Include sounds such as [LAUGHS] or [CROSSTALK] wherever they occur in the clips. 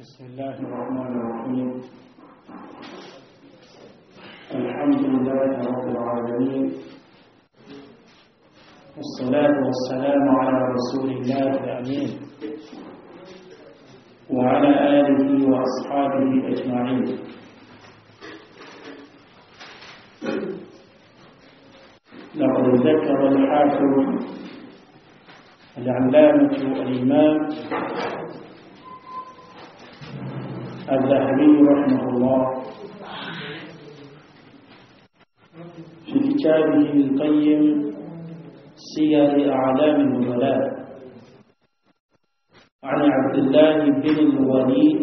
بسم الله الرحمن الرحيم الحمد لله رب العالمين والصلاة والسلام على رسول الله الأمين وعلى آله وأصحابه أجمعين لقد ذكر الحافظ العلامة الإمام الذهبي رحمه الله في كتابه القيم سير أعلام النبلاء عن عبد الله بن الوليد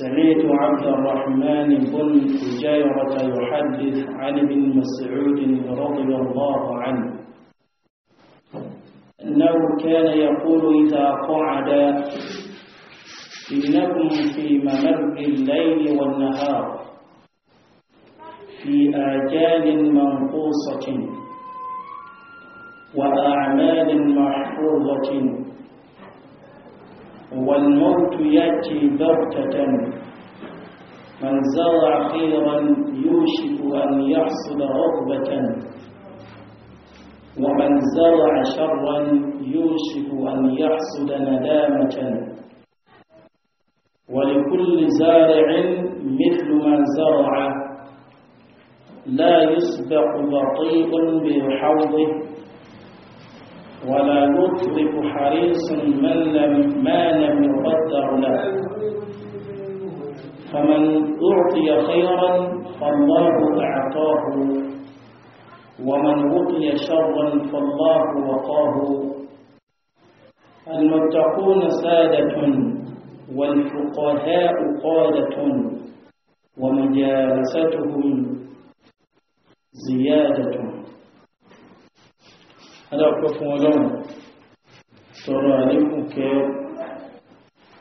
سمعت عبد الرحمن بن حجيرة يحدث عن ابن مسعود رضي الله عنه أنه كان يقول إذا قعد إنكم في ممر الليل والنهار في آجال منقوصة وأعمال محفوظة والموت يأتي بغتة من زرع خيرا يوشك أن يحصد عقبة ومن زرع شرا يوشك أن يحصد ندامة ولكل زارع مثل ما زرع لا يسبق بطيء بحوضه ولا يطلق حريص من لم ما لم يقدر له فمن أعطي خيرا فالله أعطاه ومن أعطي شرا فالله وقاه المتقون سادة والفقهاء قادة ومجالستهم زيادة هذا هو ولون صلى عليكم كيف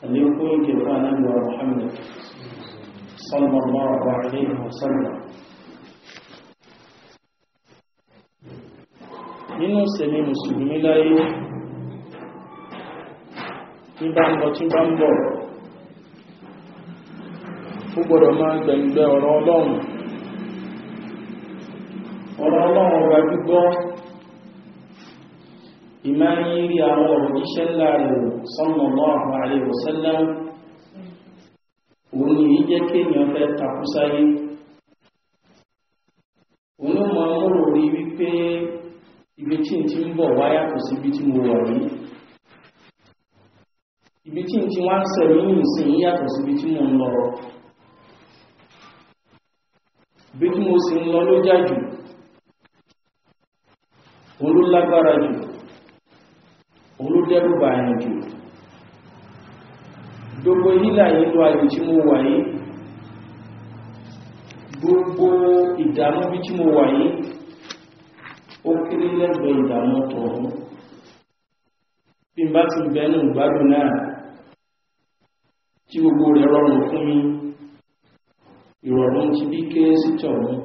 عليكم كيف أنا محمد صلى الله عليه وسلم nínú sẹ̀mí لا láyé tí bá ń lọ tí bá ń bọ̀ ó gbọ́dọ̀ máa gbẹ̀ǹgbẹ̀ ọ̀rọ̀ ọlọ́run ọ̀rọ̀ ọlọ́run ọ̀rọ̀ gbígbọ́ ìmáyírí àwọn ọ̀rọ̀ jíṣẹ́ láàrin sallallahu alaihi wasallam òun yìí jẹ́ kéèyàn fẹ́ takú sáyé òun rí wípé ibi tí n ti ń bọ̀ wáyà kò sí ibi tí ibi tí n ti wá ń sọ yìí nìsín yàtọ̀ sí ibi tí mo ń lọ ibi tí mo sì ń lọ ló já jù òun ló lágbára jù òun ló dẹ́rù jù gbogbo yílà yìí lọ àyè tí mo wà yìí gbogbo ìdààmú bí tí mo wà yìí ó kéré lẹ́gbẹ̀ẹ́ ìdààmú tọ̀hún bí n bá ti bẹ́nu ìgbádùn náà tí gbogbo rẹ̀ rọrùn fún mi ìrọ̀rùn ti bí kéré sí tọ̀hún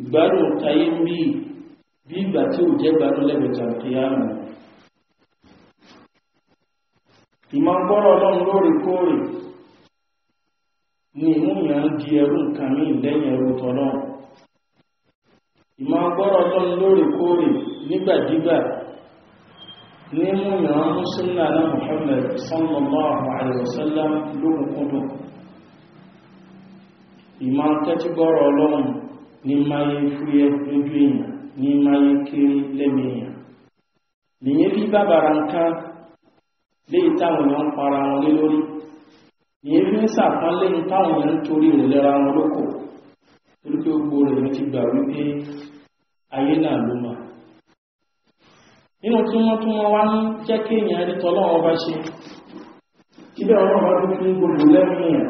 ìgbádùn táyé ń bí bí ìgbà tí ò jẹ́ gbádùn lẹ́gbẹ̀ta kìíyàmù ìmọ̀ gbọ́rọ̀ ọlọ́run lóòrèkóòrè ni ìmúyàn ń di ẹrú nǹkan ní ìlẹ́yìn ẹrú tọ́lọ́run ìmọ̀ ọlọ́run lóòrèkóòrè nígbàdígbà nínú ìran súnnà na Muhammad sallallahu alaihi wasallam lórí kúrò ìmá tẹ́tígọ́rọ̀ ọlọ́run ní máyé fúyẹ́ lójú èèyàn ní máyé kéré lẹ́mìíyàn nìyẹn bí bàbàrà nǹkan lé ìtàwọn èèyàn para wọn lé lórí nìyẹn bí ń sàpánlé ìtàwọn èèyàn torí ìlera wọn lóko torí pé gbogbo rẹ̀ ti gbà wípé ayé náà ló nínú tí wọ́n tún wọ́n wá ń jẹ́ kéèyàn rí tọ́lọ́wọ́ bá ṣe ibẹ̀ ọlọ́run bá dúdú ní gbogbo lẹ́nu yẹn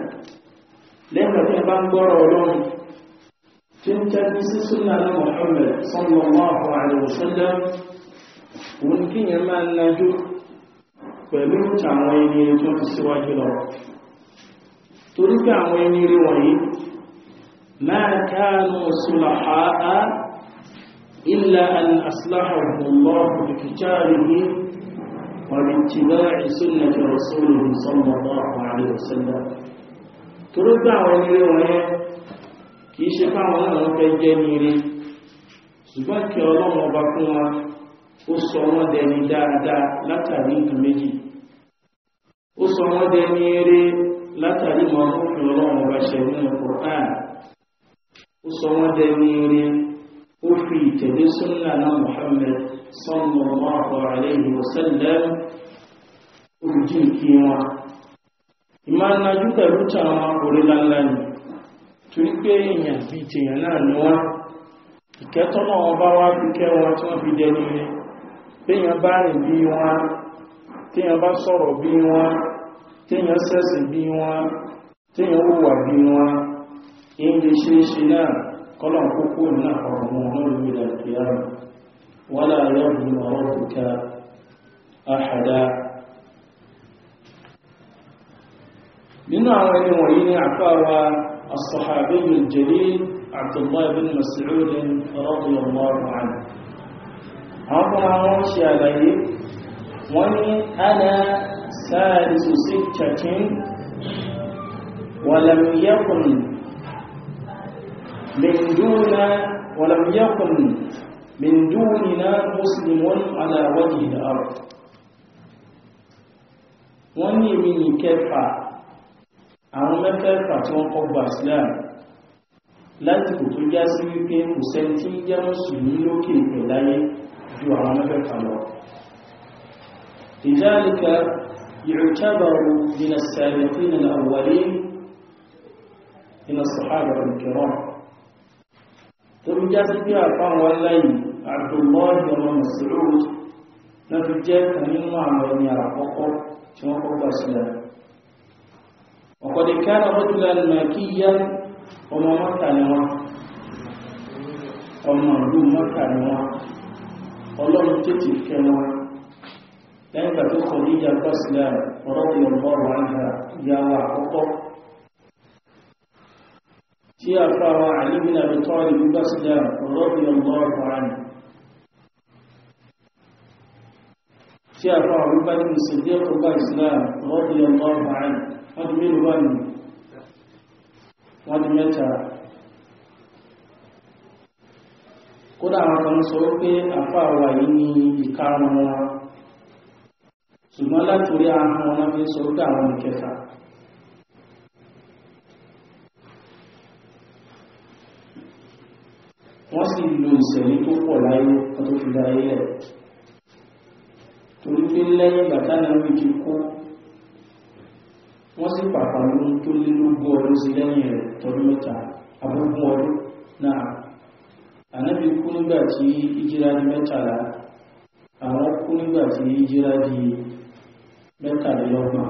lẹ́nu tí wọ́n bá ń gbọ́rọ̀ ọlọ́run tí ń tẹ́lú sí súnà ní Muhammad sallallahu alaihi إلا أن أصلحه الله بكتابه وباتباع سنة رسوله صلى الله عليه وسلم ترد عليه وهي kìí ṣe fáwọn náà fẹ́ jẹ́ níire ṣùgbọ́n kí ọlọ́run ọba fún wa ó sọ wọ́n dẹni dáadáa látàrí nǹkan méjì ó sọ wọ́n dẹni eré látàrí mọ́ fún ọlọ́run ọba ṣẹ̀wọ́n ọkọ̀ áà ó sọ wọ́n dẹni eré ó fi tere súnnà náà Muhammad sallallahu alayhi wa sallam olùjí ìkí wọn ìmá nájú pẹ̀lú tàwọn orílẹ̀ ńlá ni torí pé èèyàn ni wọ́n ìkẹ́tọ́nà wọn bá wá fi kẹ́ wọn tí fi dẹni rẹ̀ téèyàn bá rìn bí kọ́lọ̀n kókó náà ọ̀rọ̀ mọ́ lórí ìdá ìyára wọ́n láà yọ́ bí ọ̀rọ̀ bùkà àhàdá nínú àwọn ẹni wọ̀nyí ni àfáwa asọ̀hábí ìjẹ̀lí Abdullahi bin Mas'ud radiyallahu anhu àwọn kan àwọn ṣe àlàyé wọ́n ní ana sáàdìsù sí kẹkín wàlàmìyàkùnrin من دون ولم يكن من دوننا مسلم على وجه الأرض wọ́n ní èmi ní kẹfà àwọn mẹ́fẹ́fà tí wọ́n kọgbà islam lásìkò tó já sí wípé kò sẹ́ni tí ń jẹ́ mùsùlùmí lókè ìpẹ̀láyé ju àwọn mẹ́fẹ́fà lọ لذلك يعتبر من السابقين الأولين من الصحابة الكرام tó ló já sí pé àfáwọn aláì Abdullahi ọmọ Mas'ud ló fi jẹ́ kan nínú àwọn ẹni àkọ́kọ́ tí wọ́n kọ́kọ́ sílẹ̀ ọ̀kọ̀dé kára rọ́jùlá màkíyá ọmọ mọ́ta ni wọ́n ọmọ ìlú mọ́ta ni wọ́n ọlọ́run tètè kẹ́ wọn tó kọ̀ níjà kọ́ ọ̀rọ̀ ìyọ̀mọ́ ọ̀rọ̀ ìyàwó àkọ́kọ́ tí a fáwọn àlébìnà bí tọ́lì gbígbà sílẹ̀ rọ́bì ọmọrùn àánì tí a fáwọn gbígbà ní ìsìndé ọgbà islam rọ́bì ọmọrùn àánì wọ́n ti mẹ́lú wọ́n ni wọ́n ti mẹ́ta kódà àwọn kan sọ pé àfáàwà yìí ni ìkarùn-ún ṣùgbọ́n látòrí ahọ́n wọn fi sọ pé àwọn ìkẹta pọ̀ láyé ọtó fi dáyé lẹ̀ torí pé lẹ́yìn bàtà náà wí ti kú wọ́n sì pàpà ní tó lé lógún ọdún sí lẹ́yìn rẹ̀ tọdún mẹ́ta abúgbùn ọdún náà ànábì kú nígbà tí ìjírá di mẹ́tàlá àwọn kú nígbà tí ìjírá di mẹ́tàlélọ́gbọ̀n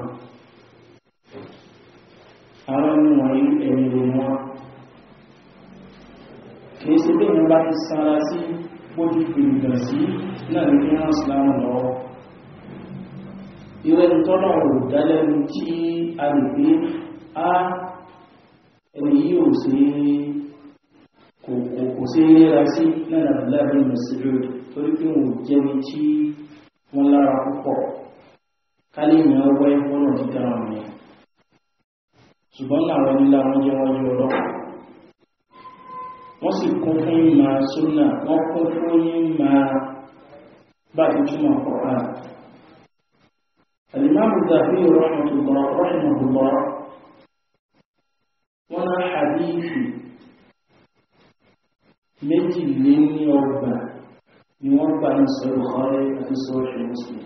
àwọn ẹni wọ̀nyí ẹ̀yìn ló wọn kìí ṣe bí wọn bá ti sára sí bójú pèrèdà sí náà ní kíhàn islam lọ ìwẹ̀ tọ́nà rò dálẹ́nu tí a lè pé a ẹni yíò sí kò sí rírá sí náà lábẹ́ mẹ́sìlẹ̀ torí pé wọ́n jẹ́ni tí wọ́n lára púpọ̀ kálí ìyàn wáyé wọ́n náà ti dára mọ́ ṣùgbọ́n láwọn nílá wọ́n jẹ́ wọ́n yọ ọlọ́pàá wọ́n sì kún fún ìmọ̀ súnà wọ́n kún fún ìmọ̀ bá ti túmọ̀ kọ̀ọ̀kan. alimami zafi rahmatullah rahmatullah wọ́n ná hadithi méjìlélọ́gbà ni wọ́n gbà ní sọ̀rọ̀ ọ̀rẹ́ àti sọ̀rọ̀ ìmùsùlùmí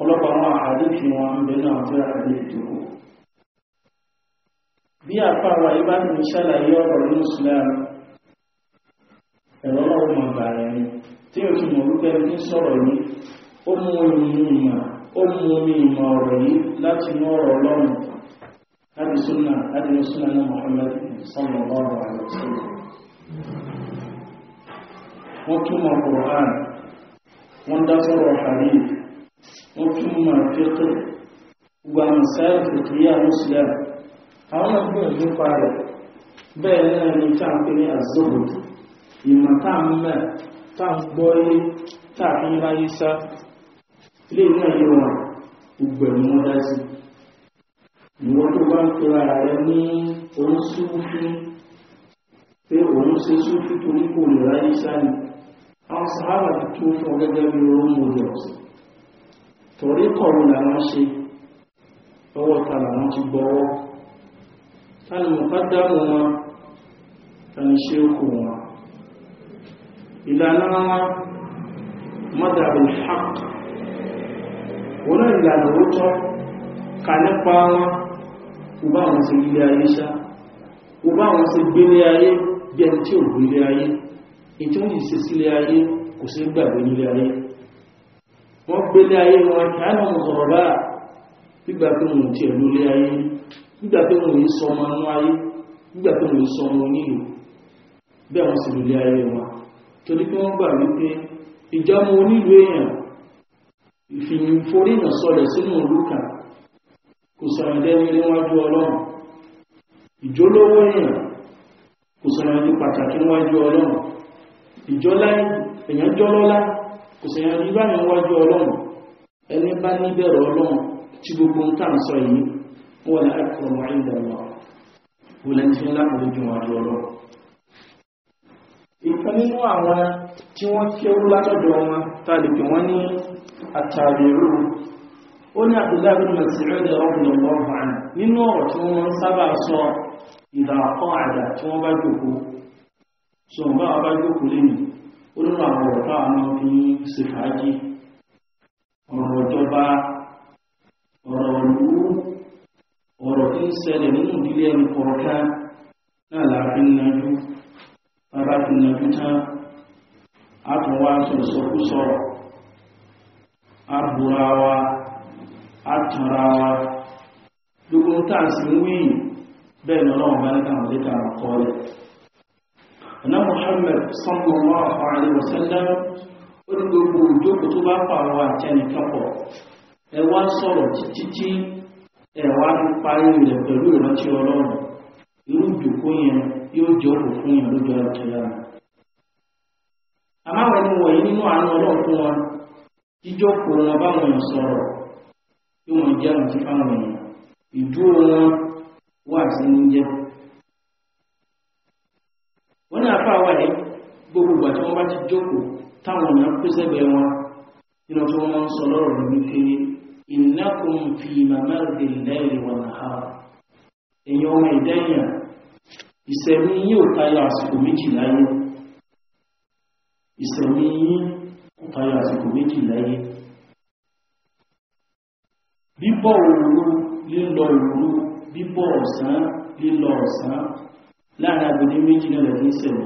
ọlọ́pàá àwọn àdéhùn wọn ń bẹ náà fẹ́ àdéhùn tó kù bí àpá wa ibà ní ṣàlàyé ọ̀rọ̀ ní mùsùlùmí ẹ̀rọ ọlọ́run máa bà ẹ̀ ni tí o ti mọ̀ wípé ẹni sọ̀rọ̀ yìí ó mú omi ìmọ̀ ó mú omi ìmọ̀ ọ̀rọ̀ yìí láti na ọ̀rọ̀ ọlọ́run láti súnà láti mú súnà náà Muhammad sọ̀rọ̀ ọ̀rọ̀ àlọ́ wọ́n Quran wọ́n dá wọ́n gbogbo sáyẹ̀ àwọn pa rẹ̀ bẹ́ẹ̀ ìmọ̀ tá ń mẹ́ tá ń gbọ́ ní tá a fi ń ráyé sá ilé náà yẹ wọn gbogbo ẹ̀mú wọn dá sí ìwọ tó bá ń pera rẹ ní òun súnfún pé òun ṣe súnfún torí kò lè ráyé sá ni àwọn sàárà tó fọ gẹ́gẹ́ bí orí mọ̀lẹ́ ọ̀sẹ̀ torí kọ̀ọ̀rọ̀ làwọn ṣe ọwọ́ ta làwọn ti gbọ́wọ́ ta ni mọ̀ká dáhùn wọn ta ni ṣe okùn wọn ìlànà madara haq wọ́n náà ìlànà ó tọ́ ka nípa wọn ọba wọn sí ilé ayé ṣá bá wọn sí gbélé ayé bí ẹni tí ò gbélé ayé ètí wọ́n yìí sí sílé ayé kò sí gbàgbé nílé ayé wọ́n gbélé ayé wọn kí á sọ̀rọ̀ bá gbígbà pé wọn ayé gbígbà pé wọn sọ ọmọ inú ayé gbígbà torí pé wọ́n gbà wípé ìjọmọ onílù èèyàn ìfìyìn forínà sọlẹ̀ sínú olúkà kò sàrẹ̀dẹ́ni níwájú ọlọ́run ìjólówó èèyàn kò sàrẹ̀dí pàtàkì níwájú ọlọ́run ìjọlá èèyàn jọlọ́lá kò sàrẹ̀dí báyìí níwájú ọlọ́run ẹni bá níbẹ̀rẹ̀ ọlọ́run tí gbogbo ń tà ń sọ yìí wọ́n lè àkọrọ̀ wọ́n lẹ́ni tí ń lápò lójú ọlọ́run ìkan nínú àwọn tí wọ́n kí ó látọ̀dọ̀ wọn tàbí wọ́n ní àtàbírú ó ní àtìláàbí mẹ́sìlẹ́dẹ̀ ọ̀pọ̀lọpọ̀ nínú ọ̀rọ̀ tí wọ́n sábà sọ ìdàkọ́ àdà so ń ṣe nínú ìdílé kọ̀ọ̀kan bàbá ti nà bí tán a tún wá sọ ìsọkúsọ a bùra wa a tànra wa gbogbo tá a ń wí bẹ́ẹ̀ ni ọlọ́run bá ní káwọn lè ká kọ́ rẹ̀ ọ̀nà Muhammad sallallahu alaihi wasallam ó ní yóò jẹ́ òkú fún yàn lójú àlùkìyà àmọ́ àwọn ẹni wọ̀nyí nínú àánú ọlọ́run fún wọn jíjókòó wọn báwọn èèyàn sọ̀rọ̀ tí wọ́n jẹ́ àmì sí fáwọn èèyàn ìdúró wọn wà sí ní jẹ́ wọ́n ní àfa wà ní gbogbo ìgbà tí wọ́n bá ti jókòó táwọn èèyàn pé sẹ́gbẹ̀ẹ́ wọn nínú tí wọ́n máa ń sọ lọ́rọ̀ ìnákùn ìsẹ̀mí yí ò tayọ àsìkò méjì láyé ìsẹ̀mí yí ò tayọ àsìkò méjì láyé bíbọ̀ òru lílọ òru bíbọ̀ ọ̀sán lílọ ọ̀sán láàrin agbèdé méjì náà lẹ́gbẹ́ ìsẹ̀mí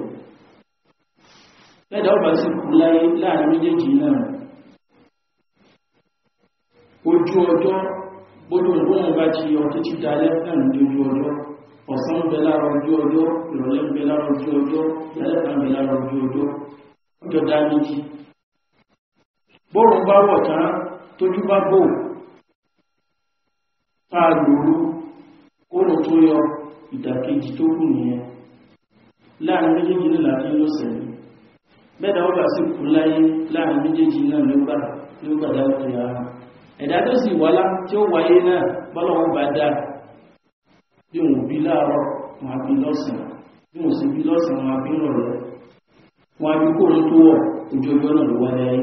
lẹ́dà ọba sí kú láyé láàrin méjèèjì náà ojú ọjọ́ gbogbo ìgbóhùn bá ti ọtí ti dalẹ́ náà lójú ọjọ́ ọ̀sán bẹ lára ojú ọjọ́ ìrọ̀lẹ́ bẹ lára ojú ọjọ́ lẹ́lẹ́ta bẹ lára ojú ọjọ́ ọjọ́ dá méjì bóòrùn bá wọ̀ tán tójú bá bò tá a lòrú kóòrùn tó yọ ìdàkejì tó kù nìyẹn láàrin méjèèjì nílà tí yóò sẹ̀lẹ̀ bẹ́ẹ̀dá ó bá sì kú láyé láàrin méjèèjì náà ló gbà ló gbà dáwọ́ ẹ̀dá tó sì wá lá tí ó wáyé náà bọ́lọ́wọ́ bá dáa bí ụmụ bí láàárọ̀ wọn á bí lọ́sàn-án bí wọn sì bí lọ́sàn wọn á bí rọ̀lẹ́ wọn á bí kóòrò tó wọ̀ ojú náà ló wáyé ayé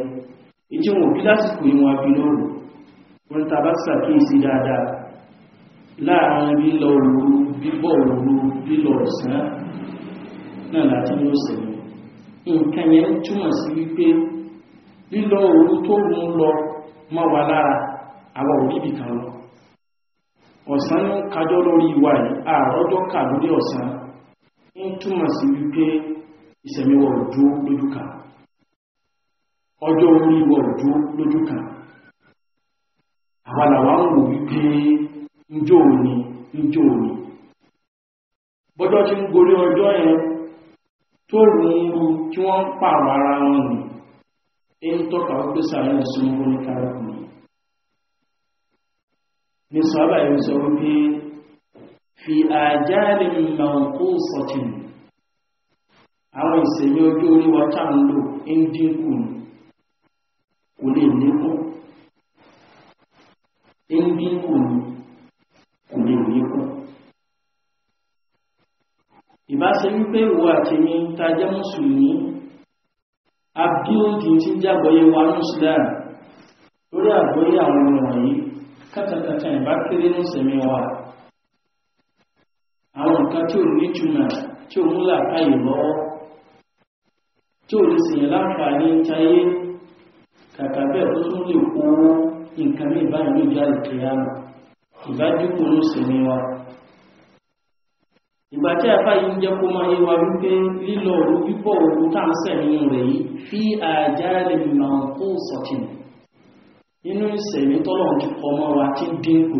èjì wọn bí lásìkò yìí wọn á bí wọn ta bá ṣàkíyèsí dáadáa láàárín lílọ òru bíbọ̀ òru lílọ ọ̀sán náà láti ní nǹkan wípé lílọ òru tó ń lọ mọ́ wa lára kan ọ̀sán ló kájọ́ lórí ìwà yìí àárọ́jọ́ kà lórí ọ̀sán ń túnmọ̀ sí wípé ìṣẹ̀mí wọ̀ ojú lójú kan ọjọ́ orí wọ̀ ojú lójú kan àwọn ń wò wípé njó òní njó òní bọ́jọ́ tí ń gorí ọjọ́ yẹn tó ara wọn nì ń tọ́ka ní ní sọ́ọ́bà yóò sọ wípé fi àjáde mọ̀nkú sọ̀tìn àwọn ìsẹ̀mí ojú orí wọn tá ń lò ń dínkù kò lè lékún ń dínkù kò lè lékún. ìbáṣe wípé ìwọ àti mi ta mùsùlùmí abdul kìí ti jágbọ́yé wa ní sudan lórí àgbọ́yé àwọn ọmọ wọ̀nyí kátàkátà ìbá kéré ní ìsinmi wa àwọn nǹkan tí ò ní túmọ̀ tí ò ń là káyè lọ́wọ́ tí ò lè sèyàn láǹfààní táyé kàkà bẹ́ẹ̀ tó tún lè kó nǹkan ní ìbáyìí ló jẹ́ àlùkìyàmù ìbádínkù ní ìsinmi wa ìgbà tí a bá yìí jẹ́ kó máa yé wa wípé lílọ òru bíbọ̀ òru tá à ń sẹ̀ nínú rẹ̀ yìí fi àjálẹ̀ màá kó sọ̀tìmù nínú ìsẹ̀mí tọ́lọ̀ ti fọmọ́ wa tí dínkù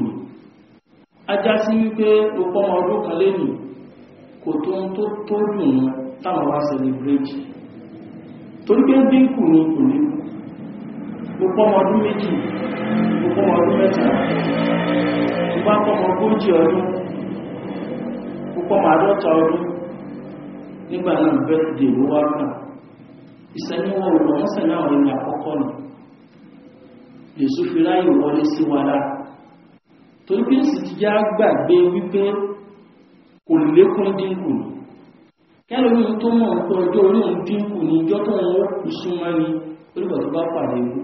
ajá sí wípé gbogbo ọmọ ọdún kan lẹ́nu kò tó ń tó tó dùn táwọn wá sẹlẹ̀bírẹ́jì torí pé dínkù ni kò ní gbogbo ọmọ ọdún méjì gbogbo ọmọ ọdún mẹ́ta gbogbo ọmọ ogójì ọdún àádọ́ta ọdún nígbà náà bẹ́ẹ̀ dè ló wá èso fi ráyè wọlé sí wa lára torí bí èsì ti já gbàgbé wípé kò lékún dínkù ni kẹ́lómi tó mọ̀ nǹkan ọjọ́ orí òun dínkù ní ìjọ tó ń kú súnmọ́ ni olùgbà tó bá pàdé ewu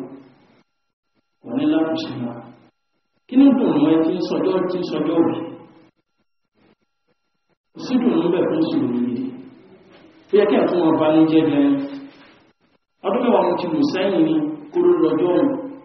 wọ́n ní lákùsí mọ́ kí ní dùnú ẹ ti ń sọjọ́ ti ń sọjọ́ òbí kò sí dùnú bẹ̀ fún sùn níbi tó yẹ kí ẹ̀ tún ní jẹ́ gan ọdún mẹ́wàá mo ti lù sẹ́yìn ni kúrò lọ́jọ́ òun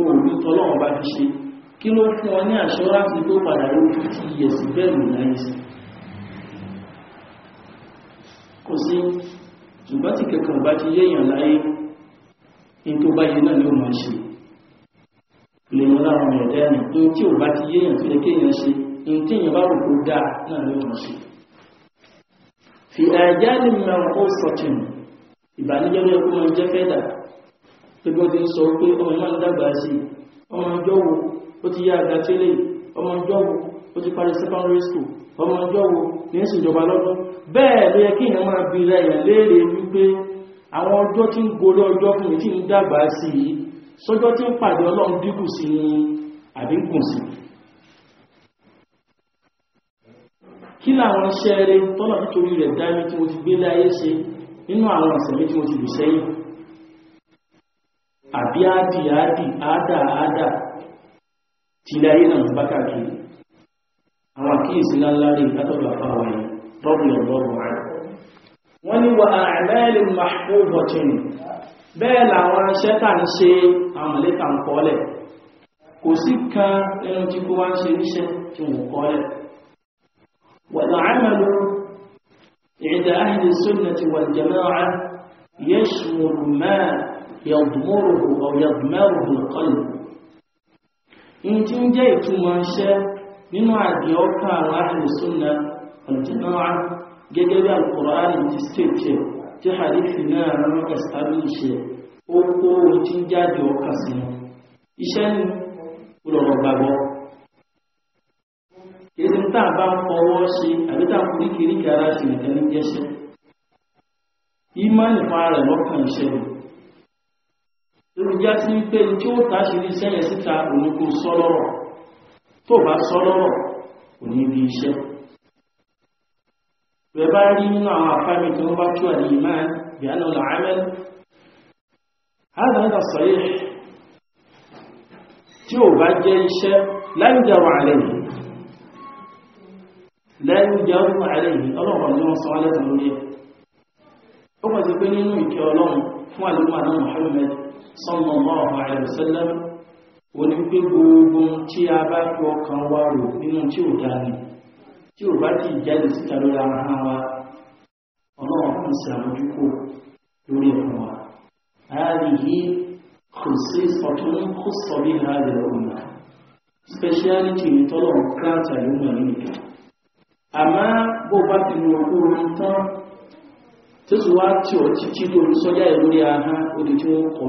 òòrùn tọ́lọ́wọ́n bá fi ṣe kí ló fún ọ ní assurance tó padà ló fi ti yẹ̀ sí bẹ́ẹ̀rù láyé sí kò sí ṣùgbọ́n tí kẹkàn bá ti yéèyàn láyé ní tó bá yé náà ló máa ṣe lè mú láwọn ẹ̀dá ẹ̀nà tó tí ò bá ti yéèyàn tó yẹ ṣe ní tí èèyàn bá rò kó dáa náà ló máa ṣe fi àjálù mẹ́rin ó sọ̀tún ìbànújẹ́ ló yẹ kó máa jẹ́ fẹ́ ṣebí wọ́n ti sọ pé ọmọ náà ń dàgbà sí ọmọ ọjọ́ wo ó ti yá àga tẹ́lẹ̀ ọmọ ọjọ́ wo ó ti parí secondary school ọmọ ọjọ́ wo ní ìṣèjọba lọ́dún bẹ́ẹ̀ ló yẹ kí èèyàn máa bi lẹ́yìn léèrè wípé àwọn ọjọ́ tí ń gorí ọjọ́ fún mi tí ń dàgbà sí i sọ́jọ́ tí ń pàdé ọlọ́run dínkù sí ni àbí ń gùn sí. kí làwọn iṣẹ́ rẹ tọ́lọ̀ nítorí rẹ̀ dá mi tí mo ti gbé láyé ṣe nínú àwọn ìṣẹ̀lẹ̀ tí mo ti lù sẹ́yìn àbí áàdì áàdì áàdà áàdà ti láyé náà ń bá káàkiri àwọn àkíyèsí ńláńlá rí látọ̀dọ̀ àfáwà yìí rọ́bùn ọ̀rọ̀ rẹ̀ wọ́n ní wa àmẹ́lì mahbubatin bẹ́ẹ̀ làwọn iṣẹ́ tà ń ṣe kò sí kan ẹnu tí kó wá ń ṣe níṣẹ́ tí wọ́n kọ́lẹ̀ wal amalu inda ahli sunnati wal jama'a yashmulu máa يضمره أو يضمره القلب إن تنجي تمانشا nínú àgbẹ̀ ọkàn àwọn àìlùsúnnà aljamaa gẹ́gẹ́ bí alkùnrin ti stéèkì tí harifi náà rán ẹ̀sàrí na ó kó tí ń jáde ọkàn sí wọn iṣẹ́ ní kí ara ṣe nìkan ní jẹ́ṣẹ́ nípa lórí já sí pé tí ó tà sí ní iṣẹ́ yẹn síta òun kò sọ lọ́rọ̀ tó bá sọ lọ́rọ̀ òní bí iṣẹ́ rẹ̀ bá rí nínú àwọn àfáàmì tí bá tú àlè ìmáà bí á lọ́la àmẹ́lì hádà hádà tí ó bá jẹ́ iṣẹ́ láìjẹ̀wọ̀ àlẹ́ yìí láìjẹ̀wọ̀ àlẹ́ yìí sallallahu alaihi wasallam ó gbogbo tí a bá fi ọkàn wa rò nínú tí ò dá ni tí ò bá ti jáde síta lórí ara wa ọlọ́run fún ìsàmójúkò lórí ẹ̀fọn wa. هذه speciality tọ́lọ̀ nìkan bó bá ti tán tó ọ títí tó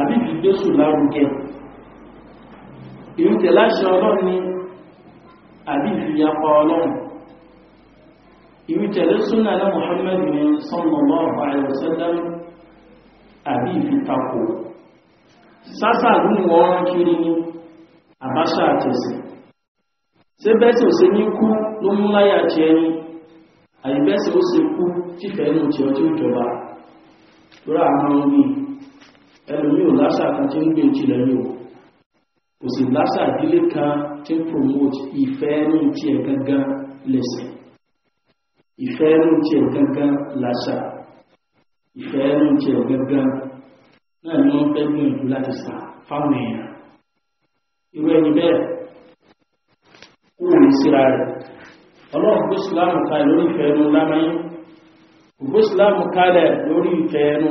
àbí fi Jésù lárugẹ ìrútẹ̀ láṣẹ ọlọ́run ni àbí fi yapa ọlọ́run ìrútẹ̀ lẹ́sùnà náà Muhammad ní sallallahu alaihi wasallam àbí fi tako sásà lóhun ọrọ̀ kiri ni àbáṣà àtẹ̀sì ṣé bẹ́ẹ̀ tí ò ṣe ní kú ló mú láyà jẹ ẹni àyíbẹ́sẹ̀ ó ṣe kú tífẹ̀ẹ́ nù tí ọjọ́ ìjọba lórí àwọn orin ẹlòmí lasa lásà kan tí ń gbé o kò sì lásà ìdílé kan tí ń promote ìfẹ́ ní ti ẹ̀ gangan lẹ́sẹ̀ ìfẹ́ ní ti ẹ̀ gangan làṣà ìfẹ́ ti ẹ̀ gangan náà ni wọ́n fẹ́ gbìyànjú láti sà fáwọn èèyàn irú ẹni bẹ́ẹ̀ kúrò ní síra rẹ̀ ọlọ́run gbé sílámù kalẹ̀ lórí ìfẹ́ ẹnu lámáyé lórí ìfẹ́ ẹnu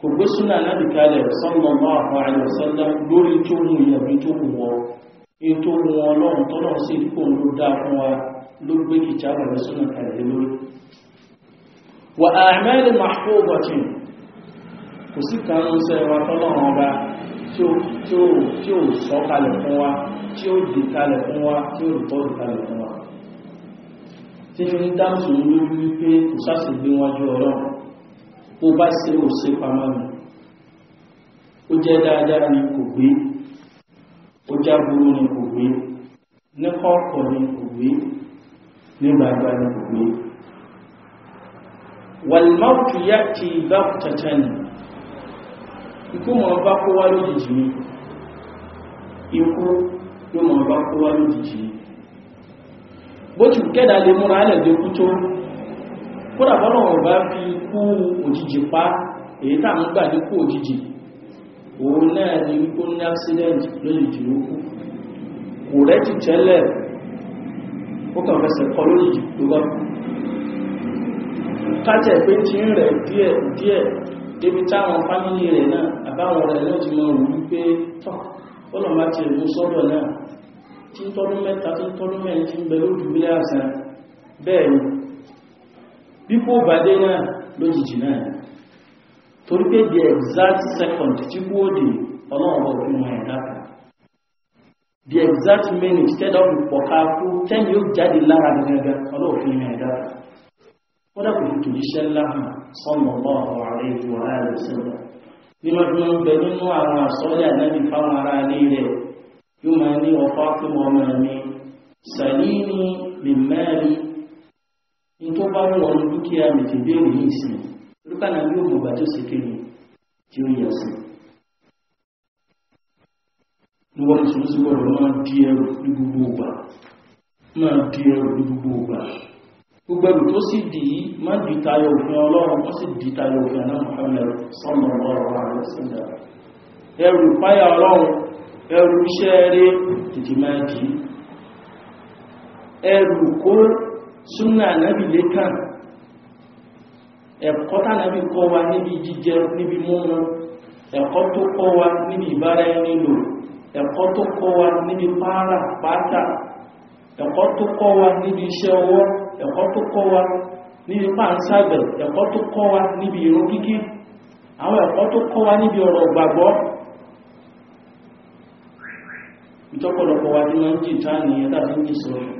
kò gbé súnà láti kalẹ̀ sallallahu alaihi wasallam lórí tó mú ìyàbí tó mú wọn èyí tó mú wọn lọ́rùn tó náà sí kó ló dá fún wa ló gbé kìjà bàbá súnà kalẹ̀ lórí wà àmẹ́lì màkó bọ̀tì kò sí kanú sẹ wa tọ́lọ́run ọba tí ó sọ kalẹ̀ fún wa tí ó dì kalẹ̀ fún wa tí ó tọ́jú kalẹ̀ fún wa tí ń dá sùn lórí wípé kò sásìgbé wájú ọlọ́run bó bá ṣe ò pamọ́ mi ó jẹ́ dáadáa ni kò gbé ó já burú ni kò gbé ní kọ́kọ́ ni kò gbé ní gbàgbà ni kò gbé. wàlmọ́ọ̀kì yá ti bá tẹ̀tẹ̀ ni ikú mọ̀ bá kó wá lójijì ni ikú yóò mọ̀ bá kó wá lójijì bó ti kẹ́dà lè múra alẹ́ tó kódà bọ́lọ̀ wọn bá fi kú òjìjì pa èyí ń gbà ní kú òun náà ni wípé ní accident lójijì ló kú kò rẹ́jì tẹ́lẹ̀ ó kàn fẹsẹ̀ kọ lójijì tó bá kájẹ̀ pé tí ń rẹ̀ díẹ̀ díẹ̀ débi táwọn fámílì rẹ̀ náà pípò bàdé náà lójijì náà tori pe di exact second tí kú òdì ọlọ́run bọ̀ fún wọn ẹ̀dá kan exact minute tẹ́dọ̀ pọ̀ká kú tẹ́yìn yóò jáde lára gẹ́gẹ́ ọlọ́run wọn ẹ̀dá kan wọ́n dàpọ̀ fi tòjú iṣẹ́ ńlá hàn sọ́nà ààrẹ ìlú nínú kí a lè fi béèrè yìí sí lókà náà yóò mọ̀ bá tó ṣe kéde tí ó yẹ sí. ní wọ́n tún sí gbọ́dọ̀ máa di ẹrù ní gbogbo ìgbà máa di ẹrù ní gbogbo ìgbà gbogbo ẹrù tó sì dì í má di tayọ òfin ọlọ́run ó sì di tayọ òfin náà Muhammad sọ́nà ọlọ́run ààrẹ sílẹ̀ ẹrù páyà ọlọ́run ẹrù iṣẹ́ eré tètè máa dì í ẹrù kó súnà ànábì ẹ̀kọ́ tánàbí kọ́ wa níbi jíjẹ níbi múmu ẹ̀kọ́ tó kọ́ wa níbi ìbára ẹni lò ẹ̀kọ́ tó kọ́ wa níbi pààrà pátá ẹ̀kọ́ tó kọ́ wa níbi iṣẹ́ ọwọ́ ẹ̀kọ́ tó kọ́ wa níbi pàǹsàgbẹ̀ ẹ̀kọ́ tó kọ́ wa níbi ìrun kíkí àwọn ẹ̀kọ́ tó kọ́ wa níbi ọ̀rọ̀ gbàgbọ́ ìtọ́pọ̀lọpọ̀ wa ní wọ́n jì táà nìyẹn tàbí jì sọ̀rọ̀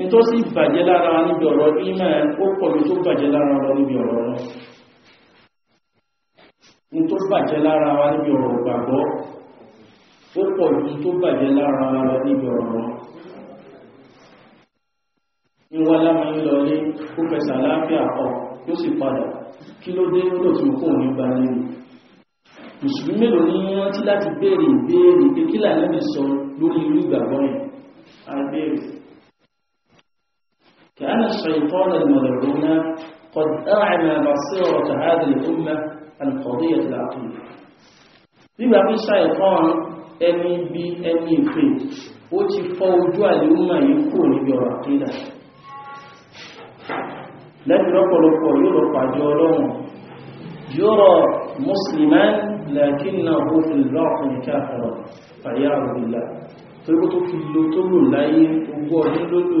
ní tó sì bàjẹ́ lára níbi ọ̀rọ̀ ìmọ̀ ó pọ̀lú tó bàjẹ́ lára wa níbi ọ̀rọ̀ lọ ní tó bàjẹ́ lára wa níbi ọ̀rọ̀ gbàgbọ́ ó pọ̀lú tó bàjẹ́ lára wa níbi ọ̀rọ̀ lọ ní wọ́n lámọ́ ń lọ lé ó fẹsẹ̀ àlàáfíà ọ̀ yóò sì padà kí ló dé ló tún kó ní gba nínú mùsùlùmí mélòó ní rántí láti béèrè ìbéèrè pé kí lànà lè sọ lórí irú ìgbàgbọ́ yẹn á béèrè كان الشيطان المذعون قد أعمى بصيرة هذه الأمة القضية العقيدة. لما في شيطان أمي بي أمي بي وتي فوجوا لأمة يكون بعقيدة. لن يقول يرفع جولون يرى مسلما لكنه في الباطل كافرا فعياذ بالله. تقول في اللوتو لاين وقول اللوتو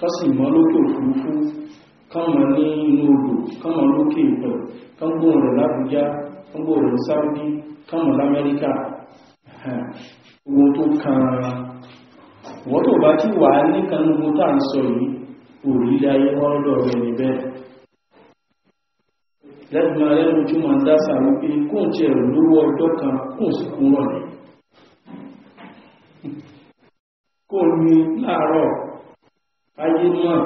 ká sì mọ́ lókè òfurufú mọ ní inú odò mọ lókè ìpẹ̀ kángbóhùn rẹ̀ lábújá kángbóhùn rẹ̀ sáúdí kánmọ́ lamẹ́ríkà ohun tó kan wọ́n tó bá wà ní kanúgbó tá ń sọ yìí òrìlẹ̀ ayé wọ́n lówó ọjọ́ kan [LAUGHS] ayé náà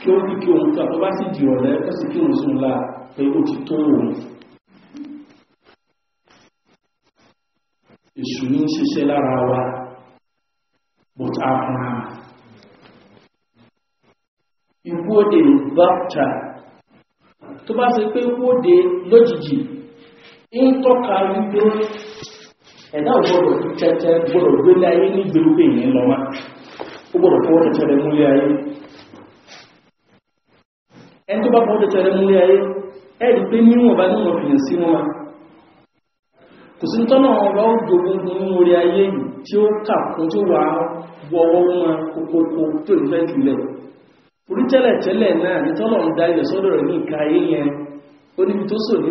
kí ó kíkí ohun tó àtọ́ bá sì di ọ̀rẹ́ ó sì kí òun sùn la pé ó ti tó òun èṣù ní ń ṣiṣẹ́ lára wa but àfúnra ikú òde bapta tó bá ṣe pé ikú òde lójijì ń tọ́ka wípé ẹ̀dá ògbọ́dọ̀ tẹ́tẹ́ gbọ́dọ̀ gbélé ayé ní gbèrúgbè yẹn lọ́mọ́ ó gbọ́dọ̀ fọwọ́dọ̀ tẹ́rẹ múlé ayé ndị tó bá fọwọ́dọ̀ tẹ́rẹ múlé ayé ẹ̀rì wọn kò ọba ó jogun ní ayé tí ó kàkún tó wà wọ́wọ́ wọn kókókó tó ìfẹ́ jùlẹ̀ orí tẹ́lẹ̀ tẹ́lẹ̀ náà ní tọ́lọ̀ ń rẹ̀ ní ìka ó níbi tó sò ní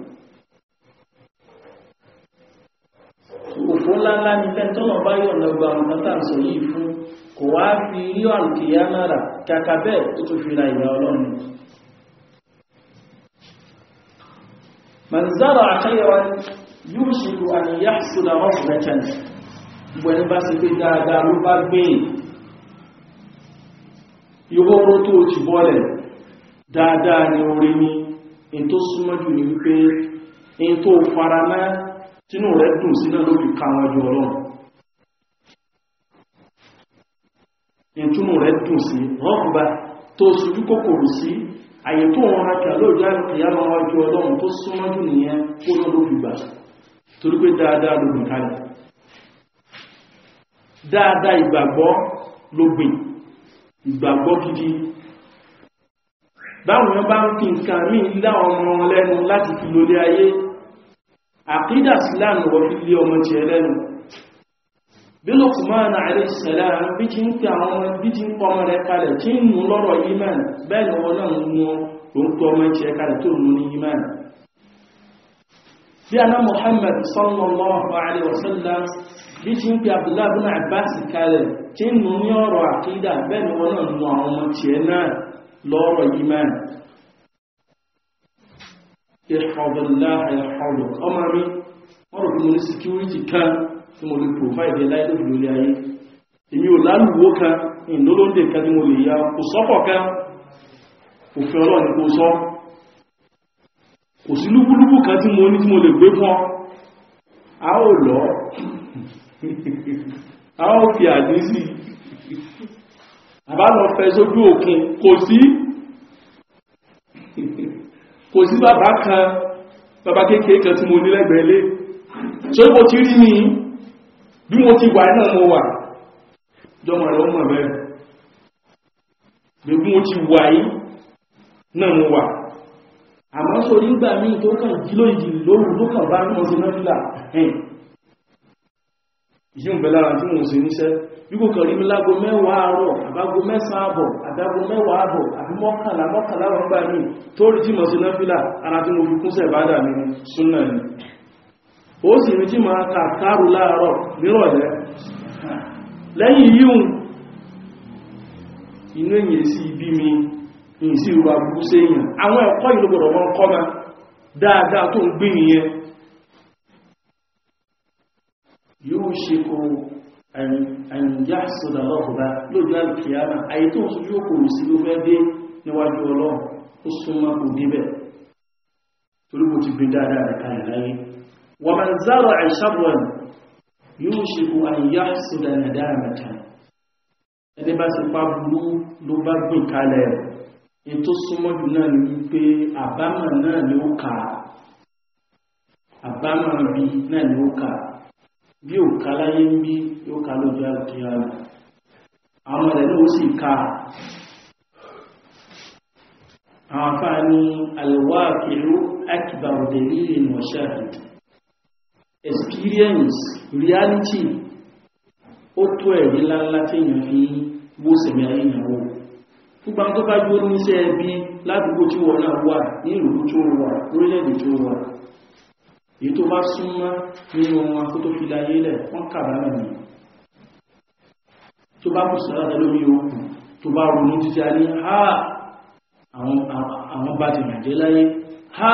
òfó ńláńlá ní fẹ́ tọ́nà bá yọ̀ lọ́gbà àwọn tàǹsọ̀ yìí fún kò wá fi rí àlùkìyà náà kàkà bẹ́ẹ̀ tó tó fi ra ìyà ọlọ́run manzara àkáyẹwà yóò ṣèlú àníyá ṣùlá ọ̀fẹ́kẹ́ ìgbẹ̀ni ni súnmọ́jú ní wípé tínú rẹ̀ dùn sí náà ló fi ka wọn ju ọlọ́run ìtúnú rẹ̀ dùn sí rọ́kùnbá tó sojú kòkòrò sí àyè tó wọn ra kà lóòjá ìyá máa wá ju ọlọ́run tó súnmọ́ jù nìyẹn kó gidi báwọn bá ń fi nǹkan míì ọmọ lẹ́nu láti fi lórí àkídà islam wọ́n fi lé ọmọ jẹ lẹ́nu bí Luqman alayhi salam bí kí ń pẹ àwọn ọmọ bí kí ń pọ ọmọ rẹ kalẹ̀ kí ń nù lọ́rọ̀ iman bẹ́ẹ̀ ni wọn náà ń mú ló ń pọ ọmọ jẹ kalẹ̀ tó nù ní iman bí aná Muhammad sallallahu alayhi wa bí kí ìṣọ̀bọ̀láhà ìṣọ̀bọ̀ ọmọ mi wọ́n rò fún mi ní security kan tí mo lè provide láìdó lórí ayé èmi ò lálùwó kan ìlólóńdè kan tí mo lè ya kò sọ́pọ̀ kan òfin ọlọ́ni kò sọ kò sí lúgbúlúgbù kan tí mo ní tí mo lè gbé fún a ó lọ [LAUGHS] a ó fi àdín sí àbálọ̀ fẹ́ sójú òkun kò sí kò sí bàbá kan bàbá kéèkéé kan tí mo ní lẹ́gbẹ̀ẹ́ lé tó bó ti rí ní bí mo ti wà náà mo wà jọmọ̀ ẹ̀rọ mọ̀ bẹ́ẹ̀ bí mo ti wà yí náà mo wà àmọ́ sórí gbà ní ìtọ́kàn jílò ìjì lóòrùn ló kàn bá ní ọdún náà yíò bẹ̀lá tí wọ́n sì níṣẹ́ yíò kàn rí mi lágo mẹ́wàá àárọ̀ àbágo mẹ́sàn-án àbọ̀ àdágo mẹ́wàá àbọ̀ àbí mọ́kànlá mọ́kànlá wọn gbà tó rí ara tí mo fi kúnṣẹ̀ ìbádà mi ní súnà ni ó sì rí jímọ̀ kàkàrù láàárọ̀ nírọ̀lẹ́ lẹ́yìn yíò inú sí ibi mi ìsì àbúkú séèyàn àwọn ẹ̀kọ́ ìlú gbọ́dọ̀ wọn kọ́ dáadáa tó ń yóò ṣe kó àyíjá sọ̀dà lọ́kùnbá lójú àlùkìyàmà àyè tó ń sojú òkòrò sí ló fẹ́ dé níwájú ọlọ́run ó súnmọ́ kò débẹ̀ torí mo ti gbé dáadáa rẹ̀ kalẹ̀ láyé wà máa zára àìṣàbọ̀n yóò ṣe kó àyíjá sọ̀dà nàdára nàta ẹni bá ti pa burú bí ò ká láyé ń bí yóò ká lójú àkíyàmà àwọn ẹ̀rẹ́ ló sì ká àwọn afáà ní alwaqi'u akbaru dalilin wa shahid experience reality ó tó ẹ̀rí ńláńlá tí èèyàn fi wó sẹ̀mí ayé ìyàwó fúgbà tó bá jó níṣẹ́ ẹbí ládùúgbò tí wọ́n náà wà ní ìlú tó wà lórílẹ̀-èdè tó wà èyí tó bá súnmọ́ nínú wọn kó tó fi láyé lẹ̀ wọ́n kàbára ní tó bá kù sára lórí okùn tó bá ronú títí a ní ha àwọn bá ti màjẹ́ láyé ha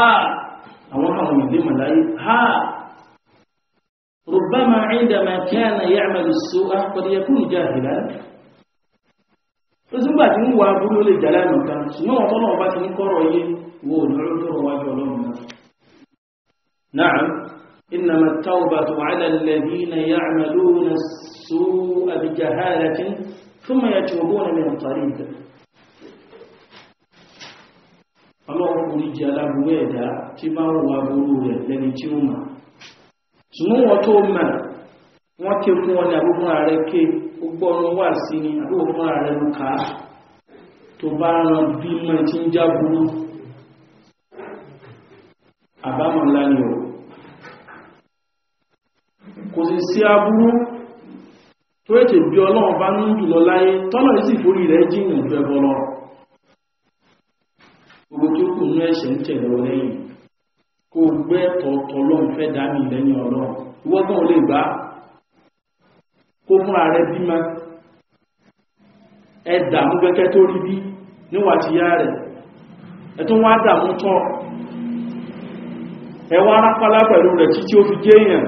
àwọn àwọn ìdí mà láyé ha ربما عندما كان يعمل السوء قد يكون جاهلا ó túnbà tí ń wà búrú lè jà lánàá kan ṣùgbọ́n ọ̀tọ́lọ́wọ́ bá ti ń kọ́rọ̀ yé wo òdòrò tó نعم إنما التوبة على الذين يعملون السوء بجهالة ثم يتوبون من قريب ọlọ́run jẹ́ aláburú ẹ̀dá tí bá wà burú rẹ̀ lẹ́ni tí ó mà ṣùgbọ́n wọ́n tó mà wọ́n ké fún wọn ní àbúrú ààrẹ ké gbọ́nù wà sí ni àbúrú ààrẹ ń ká tó bá ran bí mọ́ tí ń já burú àbámọ̀ ni ò kò sì sí aburú tó ètè bí ọlọ́run bá ní jùlọ láyé tọ́lọ̀ sì forí rẹ̀ jìnnà ju ẹbọ lọ gbogbo tó kù ní ẹ̀ṣẹ̀ ń tẹ̀lé ọ lẹ́yìn kó gbé tọ̀tọ̀ lọ́run fẹ́ dá mi lẹ́yìn ọlọ́run ìwọ́gbọ́n lè gbá kó fúnra rẹ̀ bímọ ẹ dààmú gẹ́gẹ́ tó rí bí níwà ti yá rẹ̀ ẹ tún wá dààmú tọ́ ẹ wá rápálá pẹ̀lú rẹ̀ títí ó fi jẹ́ èèyàn